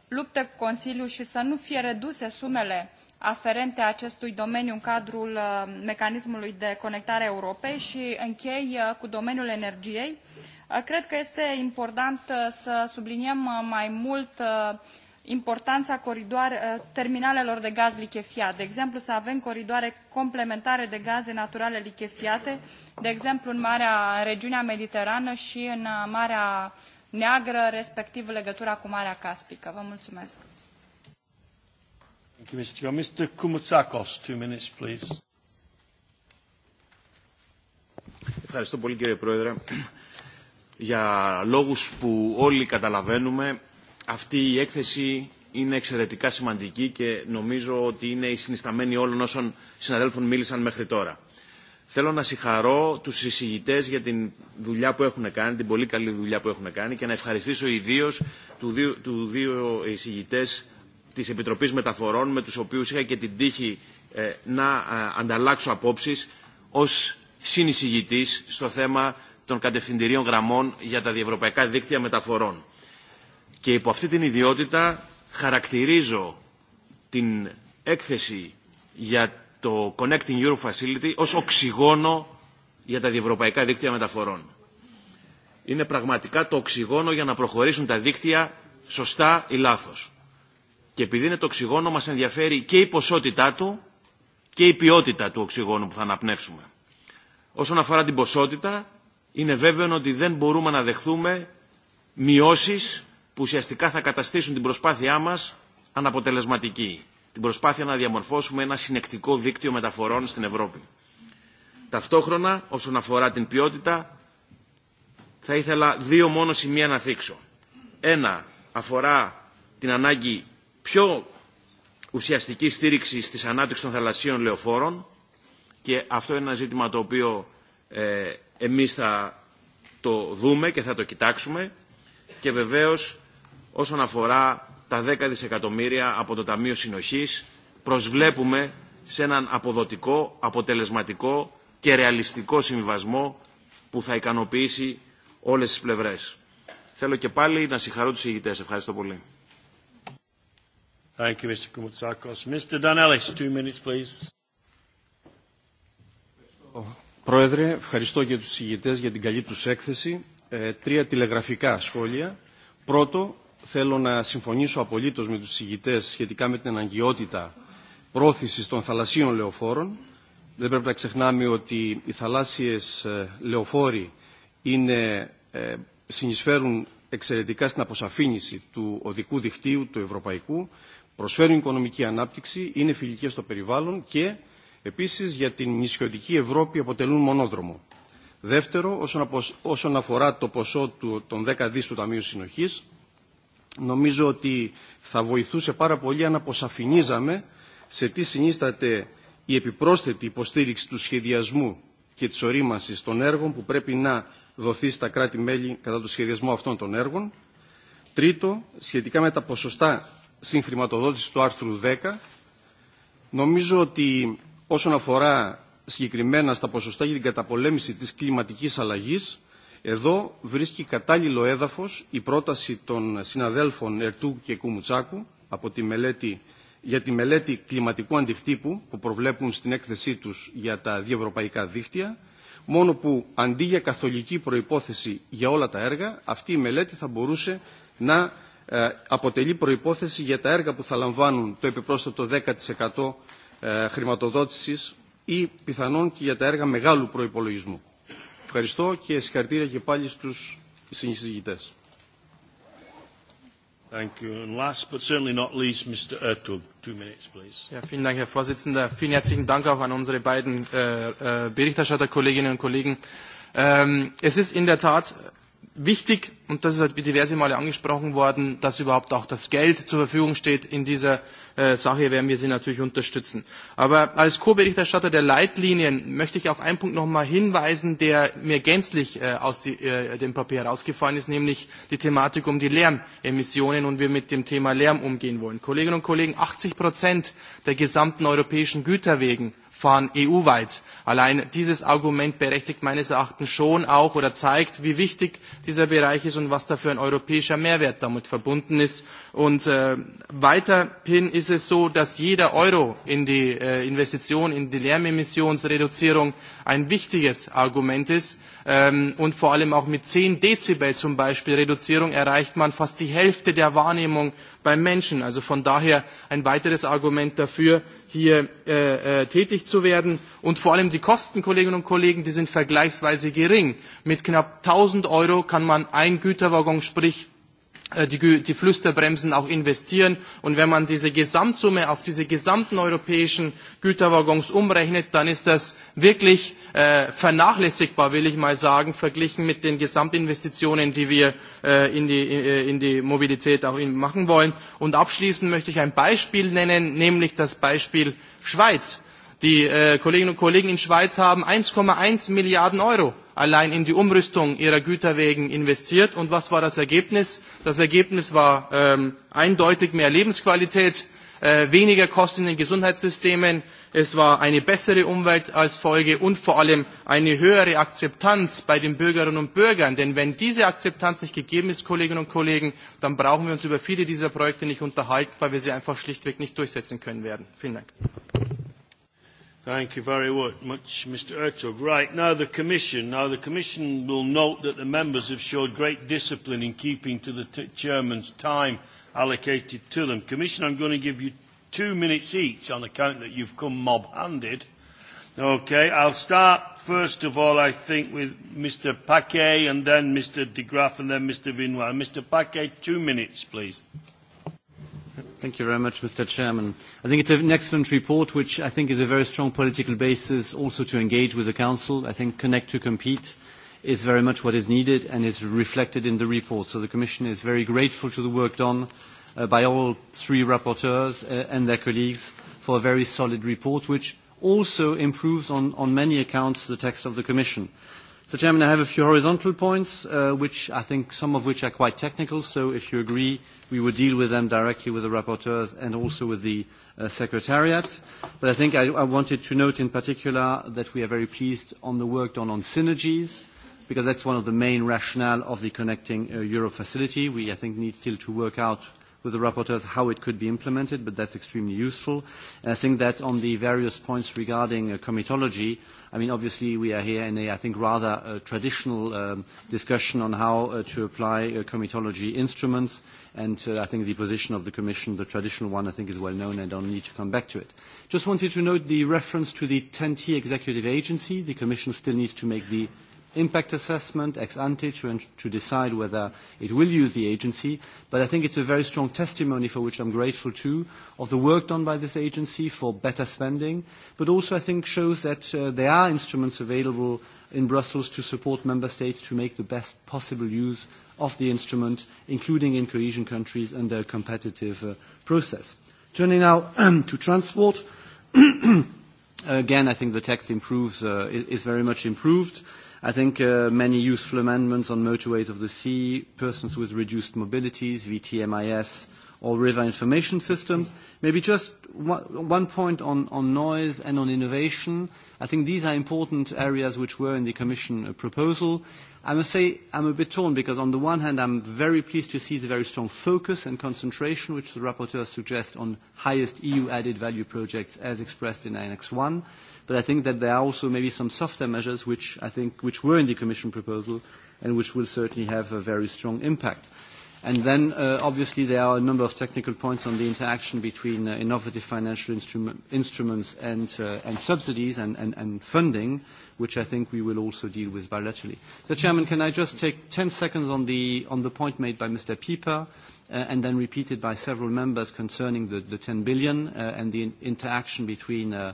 lupte cu Consiliul și să nu fie reduse sumele aferente acestui domeniu în cadrul mecanismului de conectare a Europei și închei cu domeniul energiei. Cred că este important să subliniem mai mult importanța terminalelor de gaz lichefiat. De exemplu, să avem coridoare complementare de gaze naturale lichefiate, de exemplu în, Marea, în regiunea mediterană și în Marea Neagră, respectiv legătura cu Marea Caspică. Vă mulțumesc! Thank you, Mr. Chairman. Mr. Koumoutsakos, two minutes, please. Ευχαριστώ πολύ κύριε Πρόεδρε. Για λόγους που όλοι καταλαβαίνουμε, αυτή η έκθεση είναι εξαιρετικά σημαντική και νομίζω ότι είναι η συνισταμένη όλων όσων συναδέλφων μίλησαν μέχρι τώρα. Θέλω να συγχαρώ τους συζητητές για την δουλειά που έχουν κάνει, την πολύ καλή δουλειά που έχουν κάνει και να ευχαριστήσω ιδίως του δύο, του δύο εισηγητές της Επιτροπής Μεταφορών με τους οποίους είχα και την τύχη να ανταλλάξω απόψεις ως συνεισηγητής στο θέμα των κατευθυντηρίων γραμμών για τα διευρωπαϊκά δίκτυα μεταφορών. Και υπό αυτή την ιδιότητα χαρακτηρίζω την έκθεση για το Connecting Europe Facility ως οξυγόνο για τα διευρωπαϊκά δίκτυα μεταφορών. Είναι πραγματικά το οξυγόνο για να προχωρήσουν τα δίκτυα σωστά ή λάθος. Και επειδή είναι το οξυγόνο μας ενδιαφέρει και η ποσότητά του και η ποιότητα του οξυγόνου που θα αναπνεύσουμε. Όσον αφορά την ποσότητα, είναι βέβαιο ότι δεν μπορούμε να δεχθούμε μειώσεις που ουσιαστικά θα καταστήσουν την προσπάθειά μας αναποτελεσματική. Την προσπάθεια να διαμορφώσουμε ένα συνεκτικό δίκτυο μεταφορών στην Ευρώπη. Ταυτόχρονα, όσον αφορά την ποιότητα, θα ήθελα δύο μόνο σημεία να θίξω. Ένα αφορά την ανάγκη πιο ουσιαστική στήριξη στις ανάπτυξη των θαλασσίων λεωφόρων και αυτό είναι ένα ζήτημα το οποίο ε, εμείς θα το δούμε και θα το κοιτάξουμε και βεβαίως όσον αφορά τα 10 δισεκατομμύρια από το Ταμείο Συνοχής προσβλέπουμε σε έναν αποδοτικό, αποτελεσματικό και ρεαλιστικό συμβιβασμό που θα ικανοποιήσει όλες τις πλευρές. Θέλω και πάλι να συγχαρώ τους ηγητές. Ευχαριστώ πολύ. Thank you, Mr. Koumoutsakos. Mr. Danelis, two minutes, please. Πρόεδρε, ευχαριστώ και τους συγητές για την καλή τους έκθεση. Ε, τρία τηλεγραφικά σχόλια. Πρώτο, θέλω να συμφωνήσω απολύτως με τους συγητές σχετικά με την αναγκαιότητα πρόθεσης των θαλασσίων λεωφόρων. Δεν πρέπει να ξεχνάμε ότι οι θαλάσσιες λεωφόροι είναι, ε, συνεισφέρουν εξαιρετικά στην αποσαφήνιση του οδικού δικτύου του ευρωπαϊκού προσφέρουν οικονομική ανάπτυξη, είναι φιλικές στο περιβάλλον και επίσης για την νησιωτική Ευρώπη αποτελούν μονόδρομο. Δεύτερο, όσον αφορά το ποσό του, των 10 δις του Ταμείου Συνοχής, νομίζω ότι θα βοηθούσε πάρα πολύ αν αποσαφηνίζαμε σε τι συνίσταται η επιπρόσθετη υποστήριξη του σχεδιασμού και της ορίμασης των έργων που πρέπει να δοθεί στα κράτη-μέλη κατά το σχεδιασμό αυτών των έργων. Τρίτο, σχετικά με τα ποσοστά συγχρηματοδότηση του άρθρου 10. Νομίζω ότι όσον αφορά συγκεκριμένα στα ποσοστά για την καταπολέμηση της κλιματικής αλλαγής, εδώ βρίσκει κατάλληλο έδαφος η πρόταση των συναδέλφων Ερτού και Κουμουτσάκου από τη μελέτη, για τη μελέτη κλιματικού αντιχτύπου που προβλέπουν στην έκθεσή τους για τα διευρωπαϊκά δίκτυα, μόνο που αντί για καθολική προϋπόθεση για όλα τα έργα, αυτή η μελέτη θα μπορούσε να αποτελεί προϋπόθεση για τα έργα που θα λαμβάνουν το επιπρόσθετο 10% χρηματοδότησης ή πιθανόν και για τα έργα μεγάλου προϋπολογισμού. Ευχαριστώ και συγχαρητήρια και πάλι στους συνεισηγητές. Thank you. And last but certainly not least, Mr. Ertug, two minutes, please. Ja, vielen Dank, Herr Vorsitzender. Vielen herzlichen Dank auch an unsere beiden äh, äh, Berichterstatterkolleginnen und Kollegen. Ähm, es ist in der Tat wichtig, und das ist halt diverse Male angesprochen worden, dass überhaupt auch das Geld zur Verfügung steht in dieser äh, Sache, werden wir sie natürlich unterstützen. Aber als Co-Berichterstatter der Leitlinien möchte ich auf einen Punkt nochmal hinweisen, der mir gänzlich äh, aus die, äh, dem Papier herausgefallen ist, nämlich die Thematik um die Lärmemissionen und wie wir mit dem Thema Lärm umgehen wollen. Kolleginnen und Kollegen, 80 Prozent der gesamten europäischen Güterwegen Verfahren EU-weit. Allein dieses Argument berechtigt meines Erachtens schon auch oder zeigt, wie wichtig dieser Bereich ist und was dafür für ein europäischer Mehrwert damit verbunden ist. Und weiterhin ist es so, dass jeder Euro in die Investition in die Lärmemissionsreduzierung ein wichtiges Argument ist. und vor allem auch mit zehn Dezibel zum Beispiel Reduzierung erreicht man fast die Hälfte der Wahrnehmung beim Menschen. Also von daher ein weiteres Argument dafür, hier tätig zu werden. Und vor allem die Kosten, Kolleginnen und Kollegen, die sind vergleichsweise gering. Mit knapp 1000 Euro kann man einen Güterwaggon, sprich die Flüsterbremsen auch investieren. Und wenn man diese Gesamtsumme auf diese gesamten europäischen Güterwaggons umrechnet, dann ist das wirklich vernachlässigbar, will ich mal sagen, verglichen mit den Gesamtinvestitionen, die wir in, die, Mobilität auch machen wollen. Und abschließend möchte ich ein Beispiel nennen, nämlich das Beispiel Schweiz Die Kolleginnen und Kollegen in der Schweiz haben eins eins Milliarden Euro allein in die Umrüstung ihrer Güterwegen investiert. Und was war das Ergebnis? Das Ergebnis war eindeutig mehr Lebensqualität, weniger Kosten in den Gesundheitssystemen, es war eine bessere Umwelt als Folge und vor allem eine höhere Akzeptanz bei den Bürgerinnen und Bürgern. Denn wenn diese Akzeptanz nicht gegeben ist, Kolleginnen und Kollegen, dann brauchen wir uns über viele dieser Projekte nicht unterhalten, weil wir sie einfach schlichtweg nicht durchsetzen können werden. Vielen Dank. Thank you very much, Mr. Ertug. Right, now the Commission. Now the Commission will note that the members have showed great discipline in keeping to the t- Chairman's time allocated to them. Commission, I'm going to give you two minutes each on account that you've come mob-handed. Okay, I'll start first of all, I think, with Mr. Paquet and then Mr. De Graaf and then Mr. Vinoir. Mr. Paquet, two minutes, please. Thank you very much, Mr. Chairman. I think it's an excellent report, which I think is a very strong political basis also to engage with the Council. I think Connect to Compete is very much what is needed and is reflected in the report. So the Commission is very grateful to the work done by all three rapporteurs and their colleagues for a very solid report, which also improves on, on many accounts the text of the Commission. Mr Chairman, I have a few horizontal points, uh, which I think some of which are quite technical. So, if you agree, we would deal with them directly with the rapporteurs and also with the uh, secretariat. But I think I, I wanted to note in particular that we are very pleased on the work done on synergies, because that's one of the main rationale of the Connecting uh, Europe facility. We, I think, need still to work out with the rapporteurs how it could be implemented, but that's extremely useful. And I think that on the various points regarding uh, comitology, I mean, obviously we are here in a, I think, rather uh, traditional um, discussion on how uh, to apply uh, comitology instruments, and uh, I think the position of the Commission, the traditional one, I think is well known, and I don't need to come back to it. Just wanted to note the reference to the 10T executive agency. The Commission still needs to make the impact assessment ex ante to, to decide whether it will use the agency. But I think it's a very strong testimony for which I'm grateful to of the work done by this agency for better spending, but also I think shows that uh, there are instruments available in Brussels to support member states to make the best possible use of the instrument, including in cohesion countries under a competitive uh, process. Turning now to transport. Again, I think the text improves, uh, is very much improved. I think uh, many useful amendments on motorways of the sea, persons with reduced mobilities, VTMIS, or river information systems. Maybe just one point on, on noise and on innovation. I think these are important areas which were in the Commission proposal. I must say I'm a bit torn because on the one hand I'm very pleased to see the very strong focus and concentration which the rapporteur suggests on highest EU added value projects as expressed in Annex 1. But I think that there are also maybe some softer measures which I think which were in the Commission proposal and which will certainly have a very strong impact. And then uh, obviously there are a number of technical points on the interaction between uh, innovative financial instrument, instruments and, uh, and subsidies and, and, and funding, which I think we will also deal with bilaterally. So Chairman, can I just take 10 seconds on the, on the point made by Mr. Pieper? uh, and then repeated by several members concerning the, the 10 billion uh, and the in interaction between uh,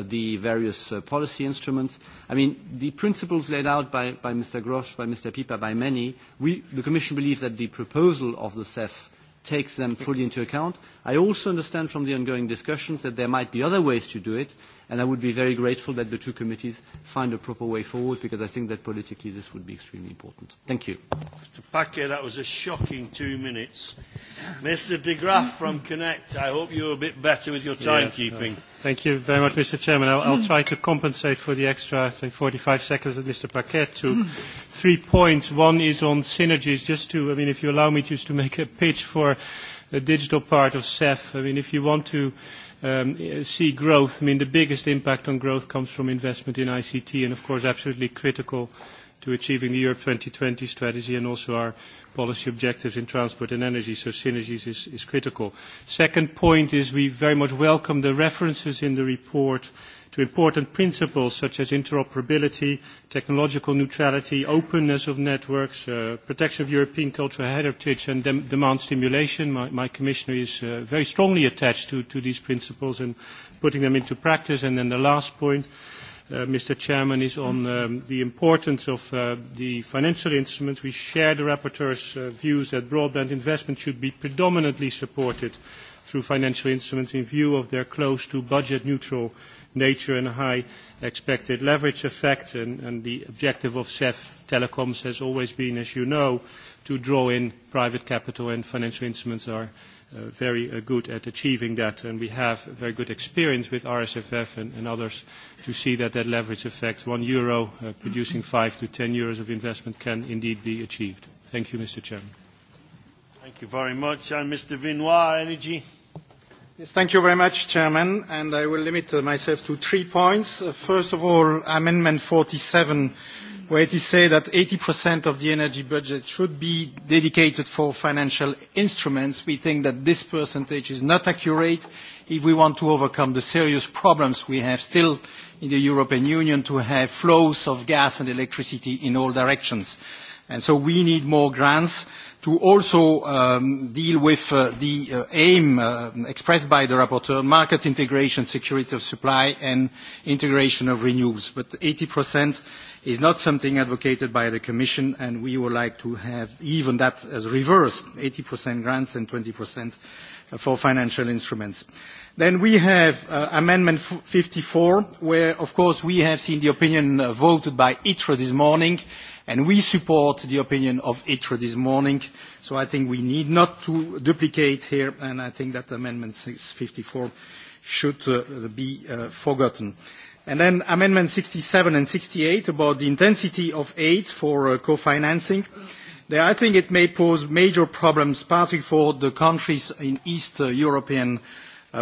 the various policy instruments. I mean, the principles laid out by Mr. Grosch, by Mr. Pieper, by many, we, the Commission believes that the proposal of the CEF takes them fully into account. I also understand from the ongoing discussions that there might be other ways to do it, and I would be very grateful that the two committees find a proper way forward, because I think that politically this would be extremely important. Thank you. Mr. Paquet, that was a shocking two minutes. Mr. De Graaf from Connect, I hope you're a bit better with your timekeeping. Thank you very much, Mr. Chairman. I'll, I'll try to compensate for the extra, say, 45 seconds that Mr. Paquet took three points. One is on synergies, just to, I mean, if you allow me just to make a pitch for the digital part of CEF. I mean, if you want to see growth, I mean, the biggest impact on growth comes from investment in ICT, and of course, absolutely critical to achieving the Europe 2020 strategy and also our policy objectives in transport and energy, so synergies is is critical. Second point is we very much welcome the references in the report to important principles such as interoperability, technological neutrality, openness of networks, uh, protection of European cultural heritage, and dem- demand stimulation. My, my commissioner is uh, very strongly attached to, to these principles and putting them into practice. And then the last point, uh, Mr. Chairman, is on um, the importance of uh, the financial instruments. We share the rapporteur's uh, views that broadband investment should be predominantly supported through financial instruments in view of their close to budget neutral nature and high expected leverage effect. And the objective of CEF Telecoms has always been, as you know, to draw in private capital, and financial instruments are very good at achieving that. And we have very good experience with RSFF and others to see that that leverage effect, 1 euro producing 5-10 euros of investment, can indeed be achieved. Thank you, Mr. Chairman. Thank you very much. And Mr. Vinoir, energy? Yes, thank you very much, Chairman, and I will limit myself to three points. First of all, Amendment 47, where it is said that 80% of the energy budget should be dedicated for financial instruments. We think that this percentage is not accurate if we want to overcome the serious problems we have still in the European Union to have flows of gas and electricity in all directions. And so we need more grants to also um, deal with uh, the uh, aim uh, expressed by the rapporteur, market integration, security of supply, and integration of renewables. But 80% is not something advocated by the Commission, and we would like to have even that as reversed, 80% grants and 20% for financial instruments. Then we have uh, Amendment 54, where, of course, we have seen the opinion uh, voted by ITRE this morning, uh, And we support the opinion of ITRE this morning, so I think we need not to duplicate here, and I think that Amendment 654 should be forgotten. And then Amendment 67 and 68 about the intensity of aid for co-financing. There, I think it may pose major problems, particularly for the countries in East European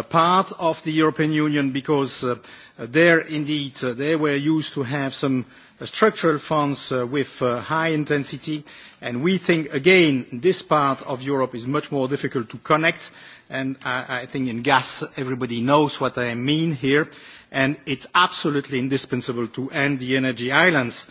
part of the European Union, because there, indeed, they were used to have some structural funds with high intensity. And we think, again, this part of Europe is much more difficult to connect. And I, I think in gas, everybody knows what I mean here. And it's absolutely indispensable to end the energy islands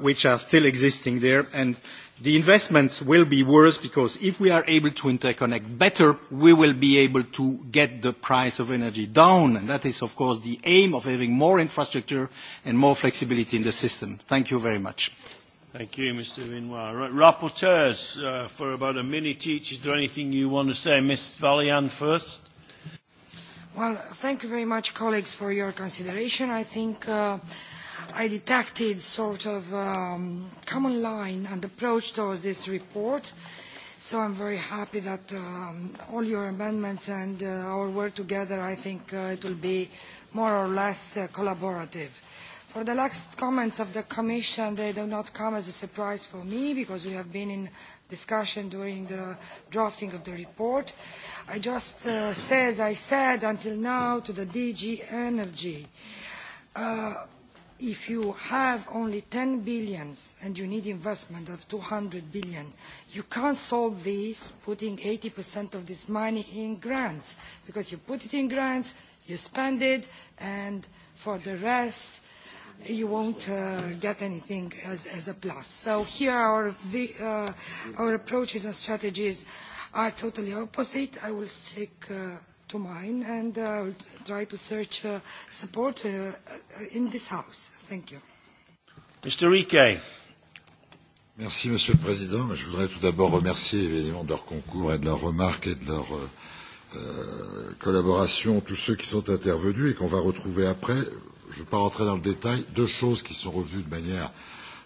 which are still existing there. And The investments will be worse because if we are able to interconnect better, we will be able to get the price of energy down. And that is, of course, the aim of having more infrastructure and more flexibility in the system. Thank you very much. Thank you, Mr. Vinoir. Rapporteurs, for about a minute each, is there anything you want to say? Ms. Valian first. Well, thank you very much, colleagues, for your consideration. I think... I detected sort of um, common line and approach towards this report. So I'm very happy that um, all your amendments and uh, our work together, I think uh, it will be more or less uh, collaborative. For the last comments of the Commission, they do not come as a surprise for me because we have been in discussion during the drafting of the report. I just uh, say, as I said until now, to the DG Energy. Uh, if you have only 10 billion and you need investment of 200 billion, you can't solve this putting 80% of this money in grants, because you put it in grants, you spend it, and for the rest, you won't uh, get anything as, as a plus. So here our, uh, our approaches and strategies are totally opposite. I will stick uh, to mine and I will try to search uh, support uh, in this House. Thank you. Mr. Rike. Merci, Monsieur le Président. Je voudrais tout d'abord remercier évidemment de leur concours et de leurs remarques et de leur euh, collaboration tous ceux qui sont intervenus et qu'on va retrouver après. Je ne vais pas rentrer dans le détail. Deux choses qui sont revues de manière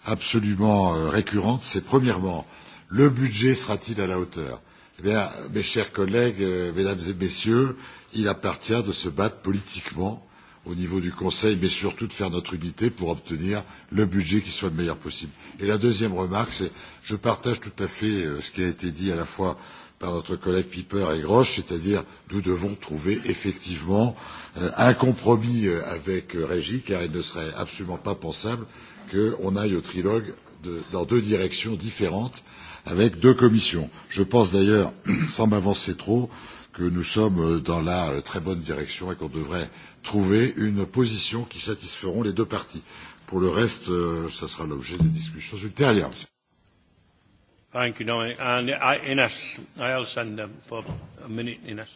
absolument euh, récurrente, c'est premièrement, le budget sera-t-il à la hauteur euh, Eh bien, mes chers collègues, mesdames et messieurs, il appartient de se battre politiquement au niveau du Conseil, mais surtout de faire notre unité pour obtenir le budget qui soit le meilleur possible. Et la deuxième remarque, c'est je partage tout à fait ce qui a été dit à la fois par notre collègue Piper et Grosch, c'est-à-dire nous devons trouver effectivement un compromis avec Régie, car il ne serait absolument pas pensable qu'on aille au trilogue dans deux directions différentes avec deux commissions. Je pense d'ailleurs, sans m'avancer trop, que nous sommes dans la très bonne direction et qu'on devrait trouver une position qui satisferont les deux parties. Pour le reste, ce sera l'objet des discussions ultérieures.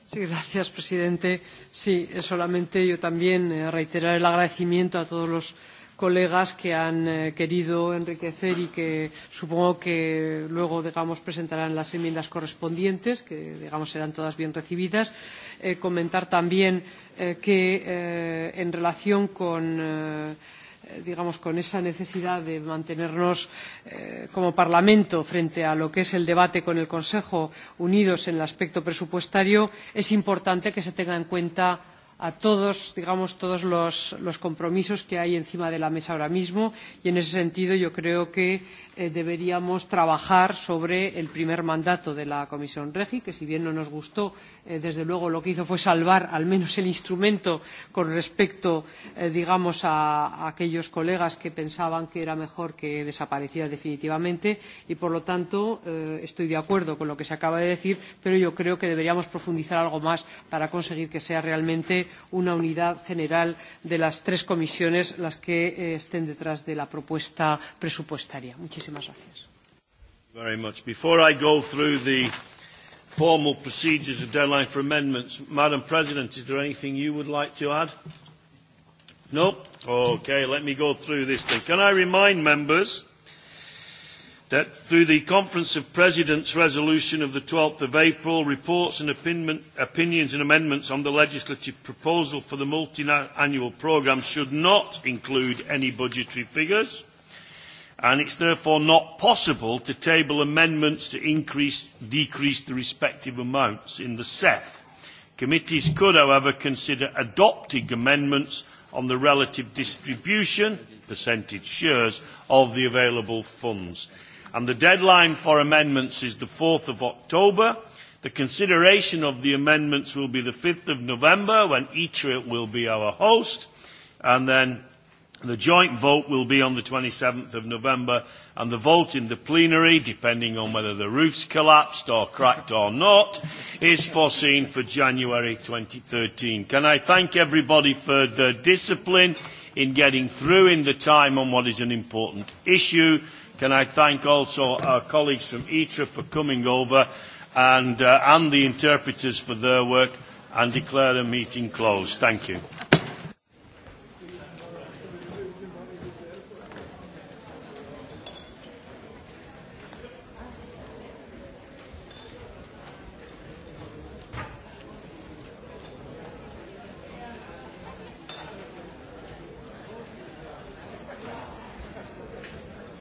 Señor presidente. Sí, solamente yo también reiterar el agradecimiento a todos los colegas que han querido enriquecer y que supongo que luego presentarán las enmiendas correspondientes, que serán todas bien recibidas. comentar también que en relación con digamos, con esa necesidad de mantenernos como Parlamento frente a lo que es el debate con el Consejo unidos en el aspecto presupuestario, es importante que se tenga en cuenta a todos, digamos, todos los, los compromisos que hay encima de la mesa ahora mismo y en ese sentido yo creo que eh, deberíamos trabajar sobre el primer mandato de la Comisión Regi, que si bien no nos gustó, eh, desde luego lo que hizo fue salvar al menos el instrumento con respecto, eh, digamos, a, a aquellos colegas que pensaban que era mejor que desapareciera definitivamente y por lo tanto eh, estoy de acuerdo con lo que se acaba de decir, pero yo creo que deberíamos profundizar algo más para conseguir que sea realmente una unidad general de las tres comisiones las que estén detrás de la propuesta presupuestaria. Muchísimas gracias. Very much. Before I go through the formal procedures and deadline for amendments, Madam President, is there anything you would like to add? No? Okay, let me go through this thing. Can I remind members that through the Conference of Presidents resolution of the 12th of April, reports and opinion, opinions and amendments on the legislative proposal for the multi-annual programme should not include any budgetary figures, and it's therefore not possible to table amendments to increase, decrease the respective amounts in the CEF. Committees could, however, consider adopting amendments on the relative distribution, percentage shares, of the available funds and the deadline for amendments is the 4th of October. The consideration of the amendments will be the 5th of November when ITRA will be our host and then the joint vote will be on the 27th of November and the vote in the plenary, depending on whether the roof's collapsed or cracked or not, is foreseen for January 2013. Can I thank everybody for their discipline in getting through in the time on what is an important issue Can I thank also our colleagues from ITRA for coming over and, uh, and the interpreters for their work and declare the meeting closed. Thank you.